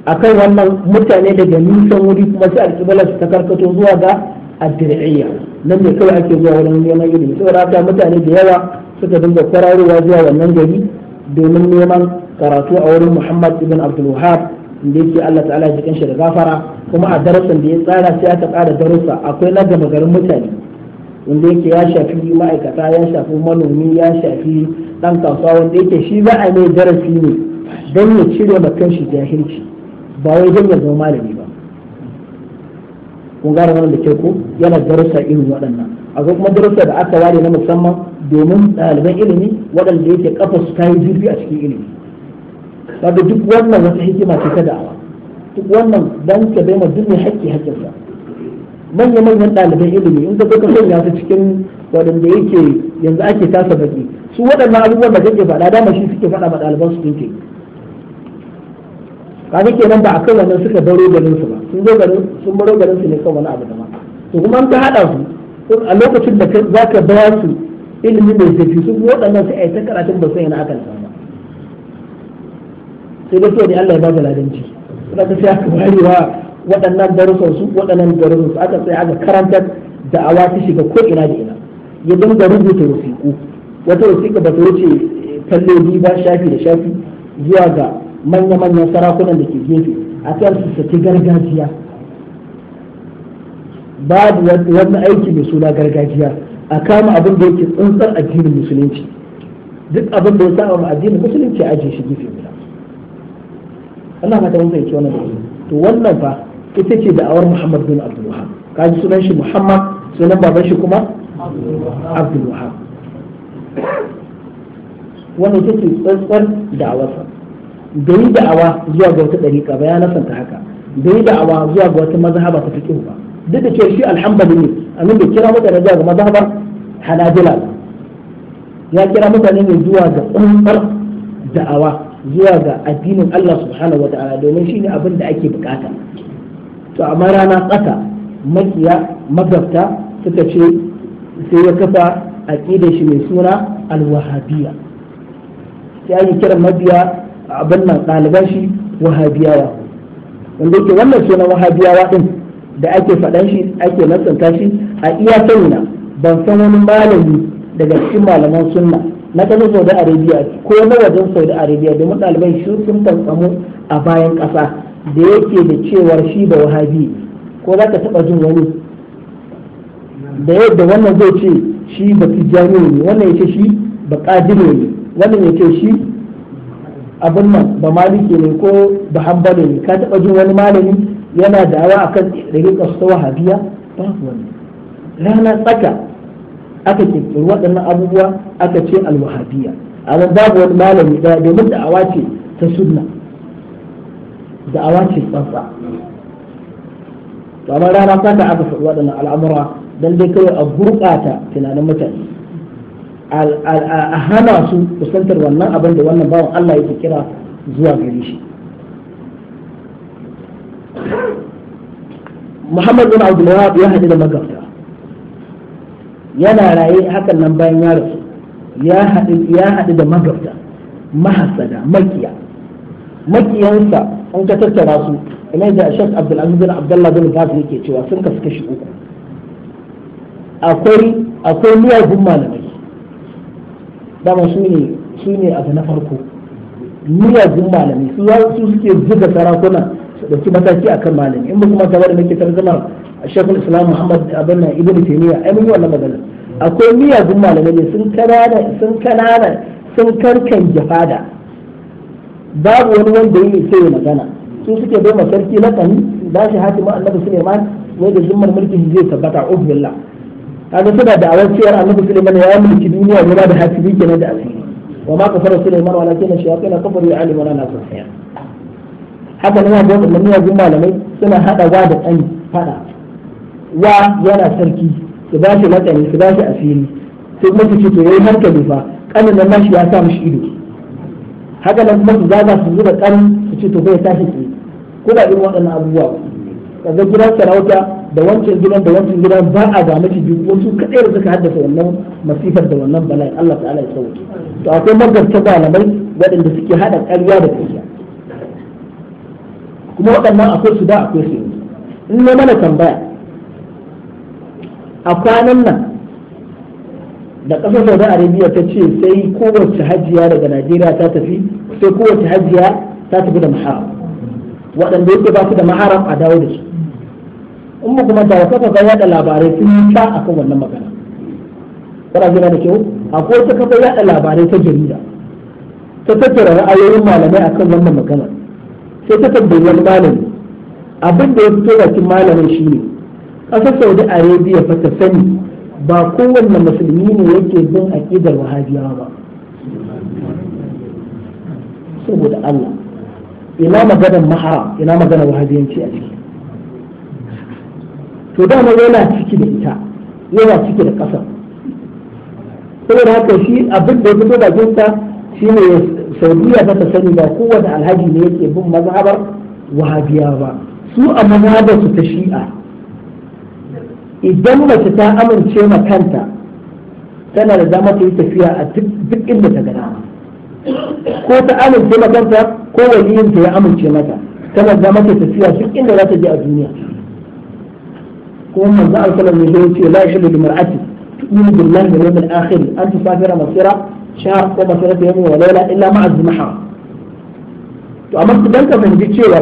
akan wannan mutane daga nisan wuri kuma sai alƙiblar su ta karkato zuwa ga addir'iyya nan ne kawai ake zuwa wurin neman ilimi saboda haka mutane da yawa suka dinga kwararowa zuwa wannan gari domin neman karatu a wurin Muhammad ibn Abdul Wahhab inda yake Allah ta'ala ya kanshi da gafara kuma a darasin da ya tsara sai aka tsara darussa akwai na gama garin mutane wanda yake ya shafi ma'aikata ya shafi manomi ya shafi dan kasuwa wanda yake shi za a mai darasi ne don ya cire bakan shi jahilci ba wai don ya zama malami ba kun gane wannan da ke ko yana darasa irin waɗannan akwai kuma darasa da aka ware na musamman domin ɗaliban ilimi waɗanda yake kafa su ta yi zurfi a cikin ilimi kaga duk wannan wata hikima ce ta da'awa duk wannan dan ka bai ma mai hakki hakkinsa manya-manyan ɗaliban ilimi in ka ka sanya su cikin waɗanda yake yanzu ake tasa baki su waɗannan abubuwan da kake faɗa dama shi suke faɗa ma ɗaliban su dinke ga kenan ba a kan wannan suka baro garin su ba sun zo garin sun baro garin su ne kan wani abu da ma to kuma an ka haɗa su a lokacin da za ka baya su ilimi mai zafi su waɗannan su a yi ta karatun ba su yana akan sa ba sai dai kawai Allah ya ba da ladanci sai ka sai aka warewa waɗannan darussan su waɗannan darussan su aka tsaya aka karantar da awa ta shiga ko ina da ina ya dinga rubuta rufiku wata wasiƙa ba ta wuce kalloli ba shafi da shafi zuwa ga manya-manyan sarakunan da ke gefe a kan su saki gargajiya babu wani aiki mai suna gargajiya a kama abin da yake tsuntsar addinin musulunci duk abin da ya sa wa addinin musulunci a ajiye shi gefe guda Allah ma ta mun fahimci wannan da to wannan fa ita ce da'awar Muhammad bin Abdul Wahab kaji sunan shi Muhammad sunan baban shi kuma Abdul Wahab wannan ita ce tsantsar da'awarsa da yi da'awa zuwa ga wata ɗariƙa ba ya nasanta haka da yi da'awa zuwa ga wata mazhaba ta fiqh ba duk da cewa shi alhamdulillah ne amin bai kira mutane zuwa ga mazhabar hanabila ya kira mutane ne zuwa ga tsantsar da'awa zuwa ga addinin Allah subhanahu wa ta'ala domin shine abin da ake bukata to amma rana tsaka makiya magabta suka ce sai ya kafa aqidar shi mai suna al sai a yi kiran mabiya a abin nan ɗaliban shi wahabiyawa wanda yake wannan sunan wahabiyawa ɗin da ake faɗan shi ake nasanta shi a iya sanina ban san wani malami daga cikin malaman sunna na kasar saudi arabia ko na wajen saudi arabia domin ɗaliban shi sun tantsamu a bayan ƙasa da yake da cewar shi ba wahabi ko za ka taɓa jin wani da yadda wannan zai ce shi ba jami ne wannan ya shi ba ƙadire ne wannan ya shi abin nan ba maliki ne ko ba hambale ne ka taɓa jin wani malami yana da dawa kan ɗari ta wahabiya ba wani rana tsaka aka kirkiri waɗannan abubuwa aka ce alwahabiya a babu wani malami ɗaya domin da'awa ce ta sunna awa ce tsantsa to amma rana ta aka faɗi waɗannan al'amura dan dai kawai a gurɓata tunanin mutane a hana su kusantar wannan abin da wannan bawan Allah yake kira zuwa gare shi Muhammad bin Abdul Wahab ya haɗu da magabta yana raye hakan nan bayan ya rasu ya haɗu da magabta mahasada makiya makiyansa in ka tattara su kamar da Sheikh Abdul Aziz bin Abdullah bin Baz yake cewa sun ka kashi uku akwai akwai miyagun malamai dama su ne su ne abu na farko miyagun malamai su su suke zuga sarakuna su dauki mataki akan malami in ba kuma kamar da nake a Sheikh Islam Muhammad Abin Ibn Taymiyyah ai mun wannan magana akwai miyagun malamai sun kanana sun kanana sun karkan jafada babu wani wanda yake ce magana su suke bai masarki lakani ba shi hatimin annabi suleiman ne da zimmar mulkin zai tabbata ubillah kaga suna da awar cewar annabi suleiman ya mulki duniya guda da hatimi kenan da asiri wa ma kafara suleiman walakin shayatin kafaru ya alimuna na safiya haka ne da wannan ya jin malamai suna haɗa wa da tsani fada wa yana sarki su ba shi lakani su ba shi asiri sai kuma su ce to yayi hankali fa kanin nan shi ya sa mishi ido haka nan kuma su zaga su zuba kan su ce to bai tashi ki ko da irin waɗannan abubuwa kaga gidan sarauta da wancan gidan da wancan gidan ba a ga miki biyu wasu kadai da suka haddasa wannan masifar da wannan bala'i Allah ta'ala ya sauke to akwai magabta malamai waɗanda suke hada ƙarya da ƙarya kuma waɗannan akwai su da akwai su in na mana tambaya a kwanan nan da ƙasar saudi arabia ta ce sai kowace hajiya daga najeriya ta tafi sai kowace hajiya ta tafi da mahara waɗanda yake ba su da mahara a dawo da su in ba kuma da kafa ga yada labarai sun yi ta akan wannan magana kana jira da kyau akwai wata kafa yada labarai ta jarida ta tattara ra'ayoyin malamai akan wannan magana sai ta tambayi wani malami abinda ya fito bakin malamin shine ƙasar saudi arabia fa ta sani ba kowanne musulmi ne yake bin aƙidar wahabiyawa ba saboda Allah ina maganar mahara ina maganar wahabiyanci a ciki to dama yana ciki da ita yana ciki da ƙasa saboda haka shi abin da ya fito da jinsa shi ne saudiya ba ta sani ba kowane alhaji ne yake bin mazhabar wahabiya ba su a mazhabar su ta shi'a idan mace ta amince ma kanta tana da dama ta yi tafiya a duk inda ta gada ko ta amince ma kanta ko ta ya amince mata tana da dama ta tafiya duk inda za ta je a duniya kuma manzo alkalam ne zai ce la yahillu li mar'ati tu'minu billahi wal yawmil akhir an tusafira masira shahr ko ta yawmin wa layla illa ma'a az-mahram to amma idan ka fahimci cewa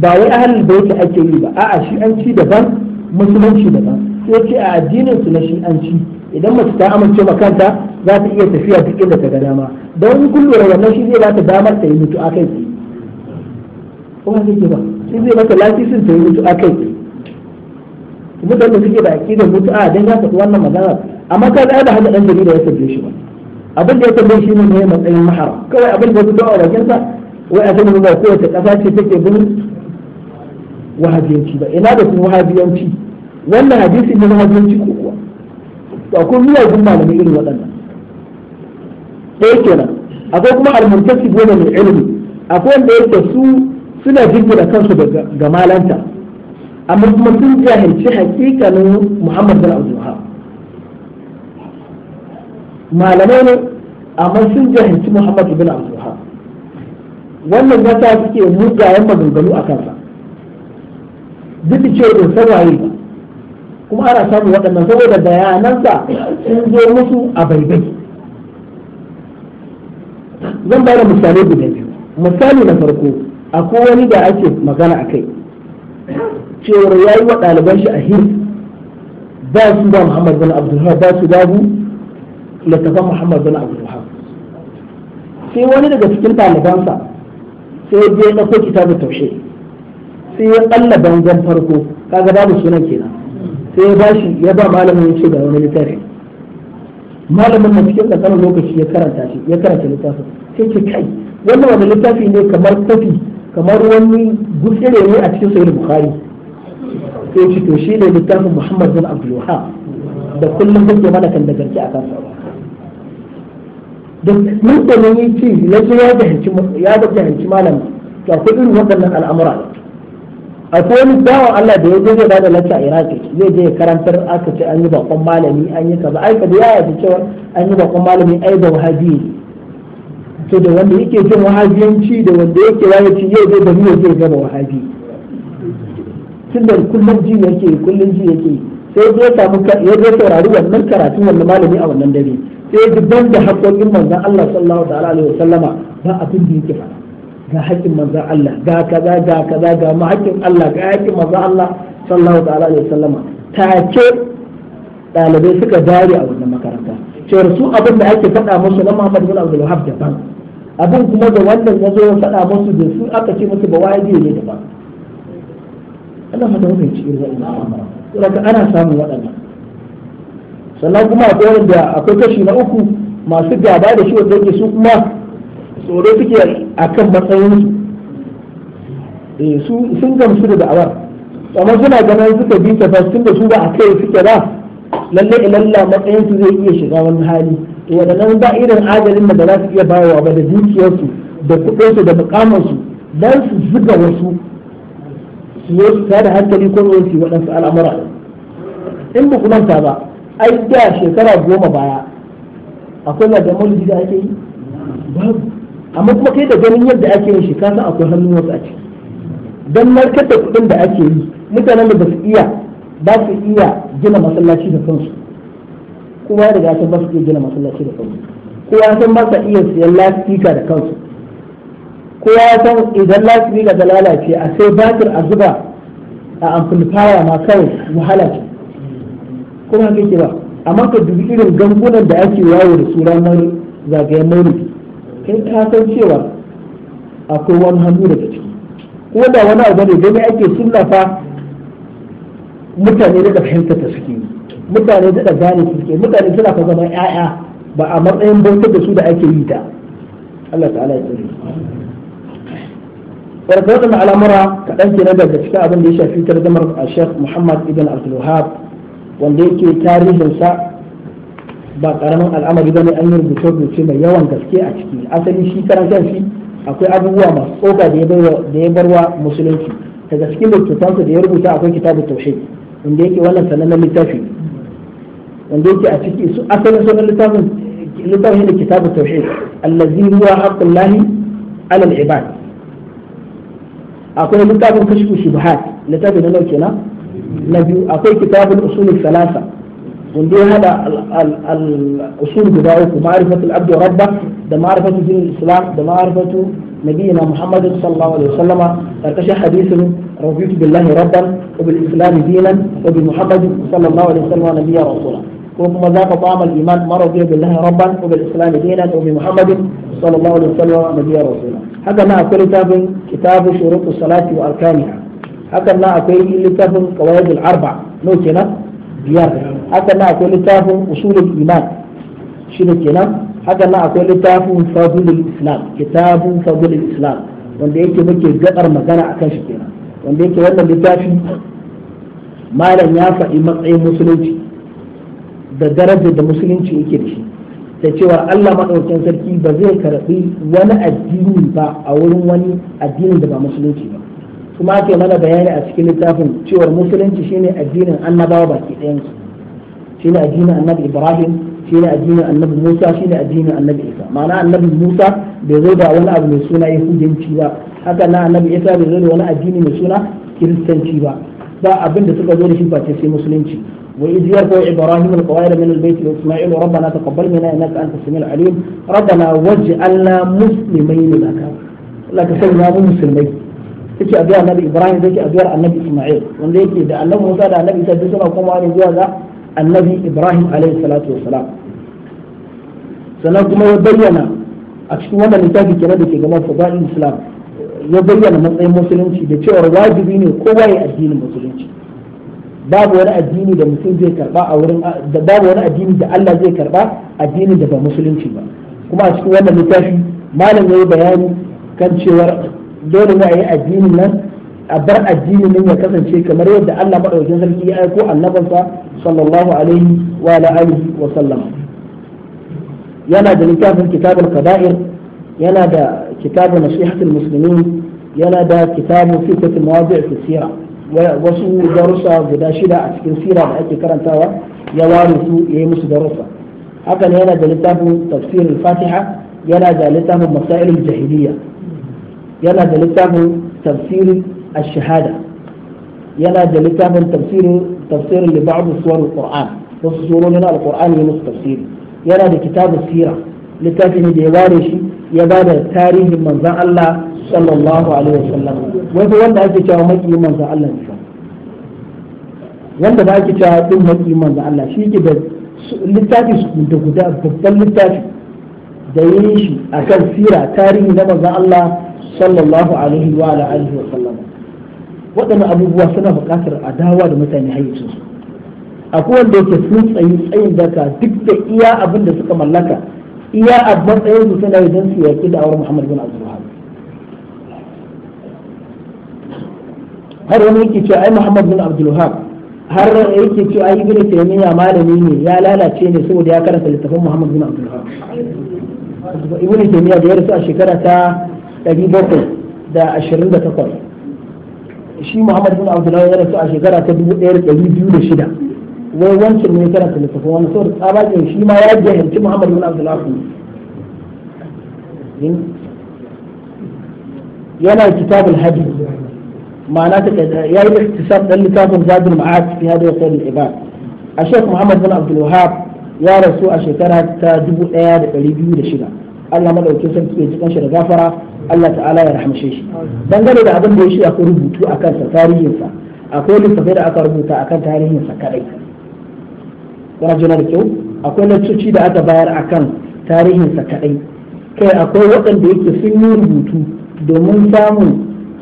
ba wai ahlul bait ake yi ba a'a shi an ci daban musulunci daban ya ce a addinin su na shi'anci idan mace ta amince ma kanta za ta iya tafiya duk inda ta ga dama don kun lura wannan shi zai bata damar ta yi mutu a kai kuma zai ke ba shi zai bata lasisin ta yi mutu a kai mutane da suke da aqidar mutu a dan ya faɗi wannan magana amma ka ga da hada dan jarida ya sabbe shi ba abin da ya tambaye shi ne ne matsayin mahara kawai abin da ya fito a bakin sa wai a sanin ba ko kowace kasa ce take bin wahabiyanci ba ina da kuma wahabiyanci wannan hadisi ne na hajjoci ko kuwa to akwai miyagun malamai irin waɗannan ɗaya kenan akwai kuma almuntasib gona mai ilimi akwai wanda yake su suna jirgin kansu ga malanta amma kuma sun jahilci hakikanin muhammad bin abdul malamai ne amma sun jahilci muhammad bin abdul wannan yasa suke mugayen maganganu a kansa duk da cewa in san waye ba kuma ana samun waɗannan saboda bayanansa sun zo musu a baibai zan ba da misalai guda biyu misali na farko akwai wani da ake magana a kai cewar ya yi wa ɗaliban shi a hirs ba su ba muhammad bin ba su babu littafan muhammad bin abdulhab sai wani daga cikin ɗalibansa sai ya je ɗauko kitabun taushe sai ya ƙalla bangon farko kaga babu sunan kenan sai ya bashi ya ba malamin ya ce ga wani littafi malamin na cikin ƙasar lokaci ya karanta shi ya karanta littafin sai ce kai wannan wani littafi ne kamar kofi kamar wani gutsire ne a cikin sahih bukhari sai ce to shi ne littafin muhammad bin abdul da kullum kake mana kan da garki a kansa da mun da mun yi ci lalle ya da hanci ya da hanci malamin to akwai irin waɗannan al'amura akwai wani bawan Allah da ya je zai bada lacca a Iraq zai je karantar aka ce an yi bakon malami an yi kaza ai kaza ya yaji cewa an yi bakon malami ai da wahabi to da wanda yake jin wahabiyanci da wanda yake waye ci yau zai da mu zai gaba wahabi tunda kullum ji yake kullum ji yake sai zai samu ya zo saurari wannan karatun wannan malami a wannan dare sai ya ji da haƙoƙin manzon Allah sallallahu alaihi wasallama ba abin da yake faɗa ga haƙƙin manzan Allah ga kaza ga kaza ga ma Allah ga haƙƙin manzan Allah sallallahu ta'ala alaihi Ta ce ɗalibai suka dare a wannan makaranta cewar su abin da ake faɗa musu na Muhammad bin Abdul Wahab daban abin kuma da wannan ya ya faɗa musu da su aka ce musu ba waye ne daban Allah ma da wannan ci irin wannan al'amura saboda ana samun waɗannan sannan kuma akwai wanda akwai kashi na uku masu gaba da shi wanda yake su kuma tsoro suke a kan matsayin eh, su sun gamsu da da'awar amma suna ganin suka bi ta fasin da su ba a kai suke ba lalle matsayin su zai iya shiga wani hali to waɗannan ba irin ajalin da za su iya bayarwa ba da dukiyarsu da su da su dan su zuga wasu su yi su da hankali ko su waɗansu al'amura in ba ku manta ba ai da shekara goma baya akwai da mulki da ake yi amma kuma kai da ganin yadda ake yin shi ka san akwai hannun wasu a ciki dan markar da kuɗin da ake yi mutanen da ba su iya ba su iya gina masallaci da kansu kowa ya riga san ba su iya gina masallaci da kansu kowa ya san ba su iya siyan lasfika da kansu kowa ya san idan lasfika da lalace a sai bakir a zuba a amplifier ma kawai wahala ce kuma kake ba amma ka dubi irin gangunan da ake yawo da su ranar zagayen maulidi kai ka san cewa akwai wani hannu da ciki ko da wani abu ne gani ake sunna fa mutane da fahimtar ta suke mutane da gane su suke mutane suna ka zama ƴaƴa ba a matsayin bautar da su da ake yi ta Allah ta'ala ya tsare wadda waɗannan al'amura kaɗan kenan daga cikin abin da ya shafi tarjamar a Sheikh Muhammad ibn Abdul Wahab wanda yake tarihinsa ba karamin al'amari bane an yi rubuce rubuce mai yawan gaske a ciki asali shi karan shi akwai abubuwa masu tsoka da ya barwa musulunci daga cikin littattafansa da ya rubuta akwai kitabu taushe inda yake wannan sanannen littafi wanda yake a ciki su asalin sunan littafin littafin da kitabu taushe allazi huwa haqqullahi ala al-ibad akwai littafin kashfu shubuhat littafin na nauke na na biyu akwai kitabul usul salasa من دي هذا الأصول بدايته معرفة العبد ربه ده معرفة دين الإسلام ده معرفة نبينا محمد صلى الله عليه وسلم تركش حديثه رضيت بالله ربا وبالإسلام دينا وبمحمد صلى الله عليه وسلم نبيا رسولا وكما ذاق طعم الإيمان ما رضي بالله ربا وبالإسلام دينا وبمحمد صلى الله عليه وسلم نبيا رسولا هذا ما أقول كتاب كتاب شروط الصلاة وأركانها هذا ما أقول كتاب قواعد الأربع نوتنا ديارنا haka na akwai littafin usulul iman shi ne kenan haka na akwai littafin fadulul islam kitabun fadulul islam wanda yake muke gabar magana akan shi kenan wanda yake wannan littafi malam ya faɗi matsayin musulunci da darajar da musulunci yake da shi da cewa Allah maɗaukin sarki ba zai karɓi wani addini ba a wurin wani addinin da ba musulunci ba kuma ake mana bayani a cikin littafin cewar musulunci shine addinin annabawa baki ɗayansu shine addinin annabi ibrahim shi shine addinin annabi musa shi shine addinin annabi isa ma'ana annabi musa bai zo da wani abu mai suna yahudanci ba haka na annabi isa bai zo da wani addini mai suna kiristanci ba ba abin da suka zo da shi face sai musulunci ibrahim وإذ يرفع إبراهيم القواعد من البيت وإسماعيل ربنا تقبل منا إنك أنت السميع العليم ربنا واجعلنا مسلمين لك لك سيدنا أبو مسلمين take addu'a annabi Ibrahim take addu'ar annabi Isma'il wanda yake da annabi Musa da annabi Isa duk suna kuma wani zuwa ga annabi ibrahim alaihi salatu wassalam sannan kuma ya bayyana a cikin wannan littafi kenan da ke gaban fadail islam ya bayyana matsayin musulunci da cewa wajibi ne kowa ya addinin musulunci babu wani addini da mutum zai karba a wurin da babu wani addini da Allah zai karba addinin da ba musulunci ba kuma a cikin wannan littafi malam yi bayani kan cewa dole ne a yi addinin nan a bar addinin nan ya kasance kamar yadda Allah madaukakin sarki ya aiko annabinsa sallallahu alaihi wa alihi wa sallam yana da littafin kitabul kaba'ir yana da kitabun nasihatul muslimin yana da kitabun fitatul mawadi' fi sirah wasu darussa guda shida a cikin sira da ake karantawa ya ware su ya yi musu darussa hakan yana da littafin tafsirin fatiha yana da littafin masailul jahiliya yana da littafin tafsirin a shahada yana da littafin tafsirin tafsirin li ba'd suwar al-Qur'an ne musu tafsiri yana da kitabus sira littafin da ya ware shi ya ba da tarihin manzon Allah sallallahu alaihi wanda wanda ba ake cewa din Allah shi ke da littafi da guda babban littafi da yi shi akan sira tarihi na manzan Allah sallallahu alaihi wa wa sallam waɗannan abubuwa suna buƙatar adawa da mutane hayyacin su akwai wanda yake sun tsayi tsayin daka duk da iya abin da suka mallaka iya a matsayin su suna yi don su yaƙi da auren Muhammad bin Abdul Wahab har wani yake cewa ai Muhammad bin Abdul Wahab har yake cewa ai Ibn Taymiyyah malami ne ya lalace ne saboda ya karanta littafin Muhammad bin Abdul Wahab Ibn Taymiyyah da ya rasu a shekara ta 728 shi Muhammad bin Abdullah ya rasu a shekara ta 1206 wai wancan ne karanta littafin wani saboda tsabagen shi ma ya jahilci Muhammad bin Abdullahi yana kitabul hadi ma'ana ta ya yi iktisab dan littafin zadul ma'ad fi hadi khairul ibad a shek Muhammad bin Abdul Wahhab ya rasu a shekara ta 1206 Allah madaukakin sarki ya ji kanshi da gafara Allah ta'ala ya rahamshe shi dangane da abin da ya shi aka rubutu a kansa tarihinsa akwai littafai da aka rubuta a kan tarihinsa kadai ya jina da kyau akwai lantoci da aka bayar a kan tarihinsa kadai kai akwai waɗanda yake sun yi rubutu domin samun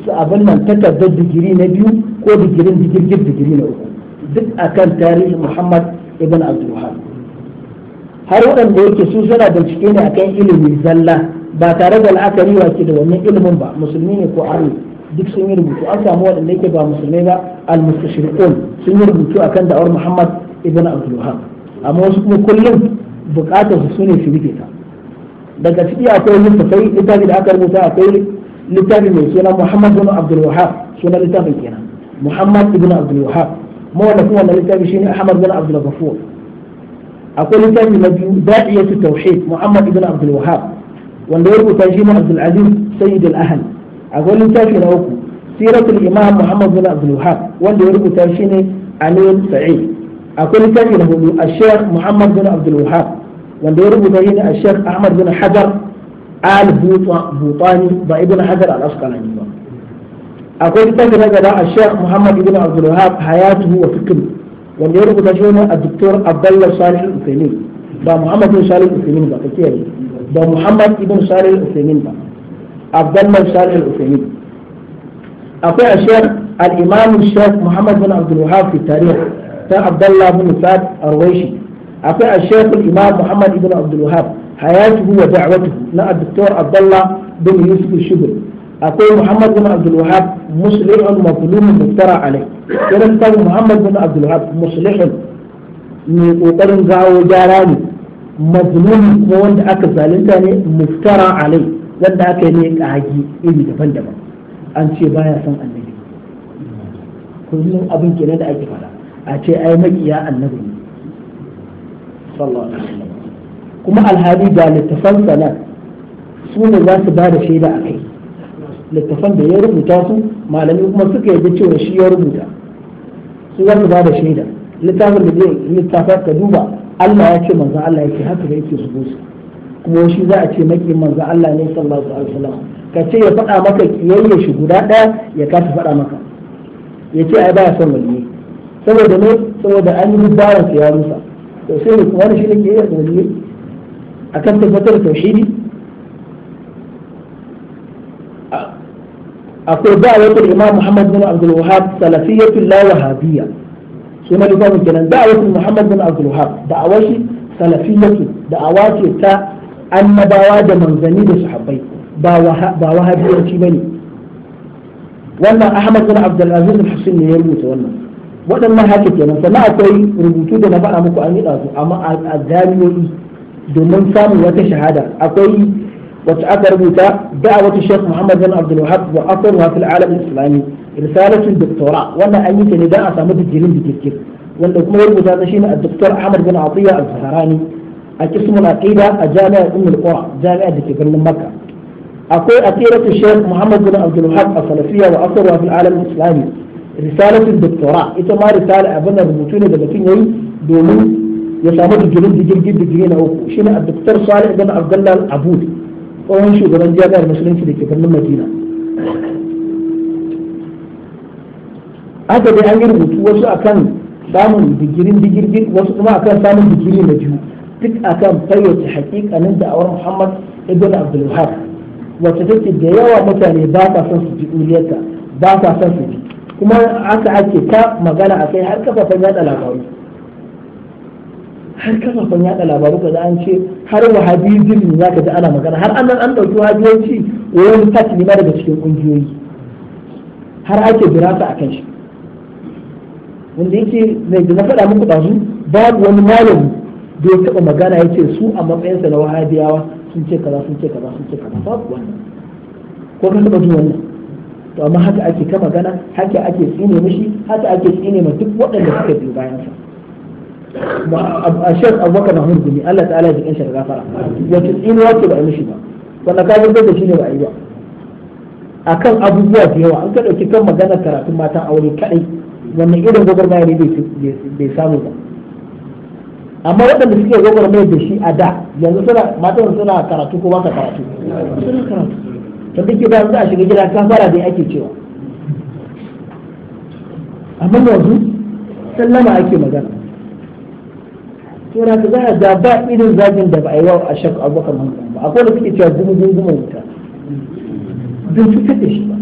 su abin nan takardar digiri na biyu ko digirin digirgir digiri na uku duk akan tarihin muhammad ibn abdulwahab har waɗanda yake su suna bincike ne akan ilimin zalla ba tare da la'akari wa ke da wannan ilimin ba musulmi ne ko ari duk sun yi rubutu an samu waɗanda yake ba musulmai ba al-mustashriqun sun yi rubutu akan da'awar Muhammad ibn Abdul Wahhab amma wasu kuma kullum bukatar su sune su rike ta daga ciki akwai littafai littafi da aka rubuta akwai littafi mai suna Muhammad ibn Abdul Wahhab sunan littafin kenan Muhammad ibn Abdul Wahhab kuma wannan littafi shine Ahmad ibn Abdul Ghafur akwai littafi na biyu Da'iyatu Tauhid Muhammad ibn Abdul Wahhab wanda ya rubuta shi ne Abdulaziz Sayyid al-Ahl akwai littafi na uku siratul Imam Muhammad bin Abdul Wahhab wanda ya rubuta shi ne Amin Sa'id akwai littafi na hudu Sheikh Muhammad bin Abdul Wahhab wanda ya rubuta shi ne Sheikh Ahmad bin Hajar al-Butani ba Ibn Hajar al-Asqalani ba akwai littafi na gaba Sheikh Muhammad bin Abdul Wahhab hayatuhu wa fikruhu wanda ya rubuta shi ne a Dr. Abdullah Salih Al-Uthaymeen ba Muhammad bin Salih Al-Uthaymeen ba kake ده محمد ابن صالح الاثيمين ده عبد الله بن صالح الاثيمين اخويا الشيخ الامام الشيخ محمد بن عبد الوهاب في التاريخ كان عبد الله بن سعد الرويشي اخويا الشيخ الامام محمد بن عبد الوهاب حياته ودعوته لا الدكتور عبد الله بن يوسف الشبل اخويا محمد بن عبد الوهاب مصلح مظلوم مفترى عليه كان محمد بن عبد الوهاب مصلح من وطن جاو جاراني mazlumi ko wanda aka zalunta ne muftara alai wanda aka yi ne ƙagi iri daban-daban an ce baya son annabi kullum abin kenan da ake fara a ce ai makiya annabi ne sallallahu alaihi wasallam kuma alhali da littafan sana su ne za su ba shaida a kai littafan da ya rubuta su malami kuma suka yarda cewa shi ya rubuta su za su ba shaida littafin da zai littafin ka duba Allah ya ce manzo Allah ya ce haka da yake su kuma shi za a ce maki manzo Allah ne sallallahu alaihi wasallam ka ce ya faɗa maka kiyayye shi guda ɗaya ya kasa faɗa maka ya ce ai baya son waliyi saboda ne saboda an yi bawan ya rusa to sai ne kuma shi ne kiyayye da waliyi akan tabbatar tauhidi akwai ba da'awatul imam Muhammad bin Abdul Wahhab salafiyyatul la wahabiyya sunan littafin kenan da'awatul muhammad bin abdul da da'awar shi salafiyatu da'awa ce ta annabawa da manzanni da sahabbai ba wahabiyanci bane wannan ahmad bin abdul aziz al ne ya rubuta wannan waɗannan haka kenan sannan akwai rubutu da na faɗa muku an yi ɗazu amma a jami'o'i domin samun wata shahada akwai wacce aka rubuta da'awatu Sheikh Muhammad bin Abdul Wahhab wa asruha fil alam islami risalatun doktora wannan an yi ta ne dan a samu digirin digirgir wanda kuma ya rubuta ta shine Dr. Ahmad bin Atiya al-Saharani a kismul aqida a jami'ar Umm al-Qura jami'ar da birnin Makka akwai aqidatu Sheikh Muhammad bin Abdul Wahhab as-Salafiyya wa asruha fil alam islami risalatun doktora ita ma risala abin rubutu ne da mutum yayi domin ya samu digirin digirgir digiri na uku shine Dr. Salih bin Abdullah al-Abud tsohon shugaban jami'ar musulunci da ke birnin madina aka dai an yi rubutu wasu akan samun digirin digirgin wasu kuma akan samun digiri na biyu duk akan fayyace hakikanin awar muhammad ibn abdul wahab wacce take da yawa mutane ba ta son su ji ba ta son su ji kuma aka ake ta magana a kai har kafafen yada labaru har kafafen yada labaru ka an ce har wahabijin za ka ji ana magana har an an ɗauki wahabiyanci wani fat ne daga cikin ƙungiyoyi har ake birasa a kan shi wanda yake zai da na faɗa muku ɗazu babu wani malami da ya taɓa magana ya ce su a matsayinsa na wahabiyawa sun ce kaza sun ce kaza sun ce kaza babu wannan ko ka taɓa jin wannan to amma haka ake ta magana haka ake tsine mishi haka ake tsine ma duk waɗanda suka biyo bayansa a shek abubakar mahmud Allah ta'ala ya gafara ce ba a mishi ba ka zartar da shi ne ba a abubuwa da yawa an ka kan maganar karatun aure irin ne bai samu ba amma waɗanda suke gwagwarmaya da shi a da yanzu suna matan suna karatu ko ba ka karatu suna karatu tun ba a shiga gida ta fara da ake cewa amma yanzu sallama ake magana saboda ka za a ga ba irin zagin da ba a yi wa a shakka abokan manzan ba akwai da suke cewa gumu gumu wuta bai cutar da shi ba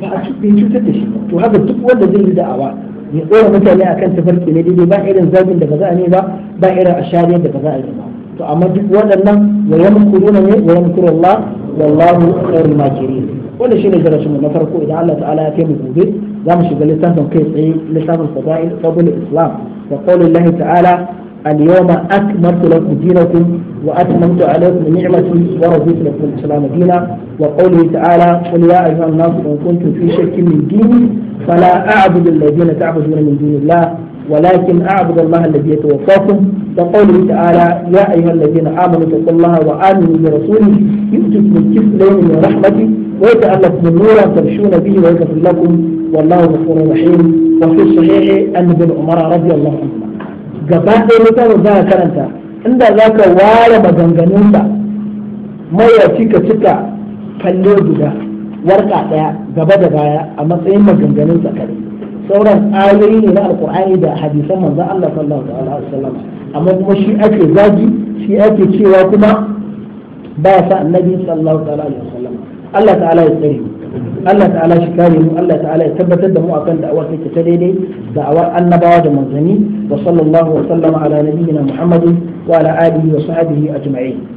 ba a bai cutar da shi to haka duk wanda zai yi da'awa ya tsora mutane a kan tafarki ne daidai ba irin zagin da ba za a yi ba ba irin ashariyar da ba za a yi ba to amma duk waɗannan wa yamkuruna ne wa yamkuru Allah wallahu khairul makirin wannan shine darasin mu na farko idan Allah ta'ala ya kai mu gobe za mu shiga littafin kai tsaye littafin fadail fadl islam wa qawlillahi ta'ala اليوم أكملت لكم دينكم وأتممت عليكم نعمتي ورضيت لكم الإسلام دينا وقوله تعالى قل يا أيها الناس إن كنتم في شك من ديني فلا أعبد الذين تعبدون من دون الله ولكن أعبد الله الذي يتوفاكم وقوله تعالى يا أيها الذين آمنوا اتقوا الله وآمنوا برسوله يؤتكم كفلين من رحمته ويتألف من نورا تمشون به ويغفر لكم والله غفور رحيم وفي الصحيح أن ابن عمر رضي الله عنهما gaba ɗaya ta za ka karanta inda za ka ware maganganunsa mawaci ka cika falle guda warka ɗaya gaba da baya a matsayin maganganun kare sauran ayoyi ne na alkur'ani da hadisan manzo Allah sallallahu alaihi wasallam amma kuma shi ake zagi shi ake cewa kuma ba sa annabi sallallahu alaihi wasallam Allah ta'ala ya tsare mu Allah ta'ala shi kare mu Allah ta'ala ya tabbatar da mu akan da'awar take ta daidai da'awar annabawa da manzanni wa sallallahu wa sallama ala nabiyyina Muhammadin wa ala alihi wa sahbihi ajma'in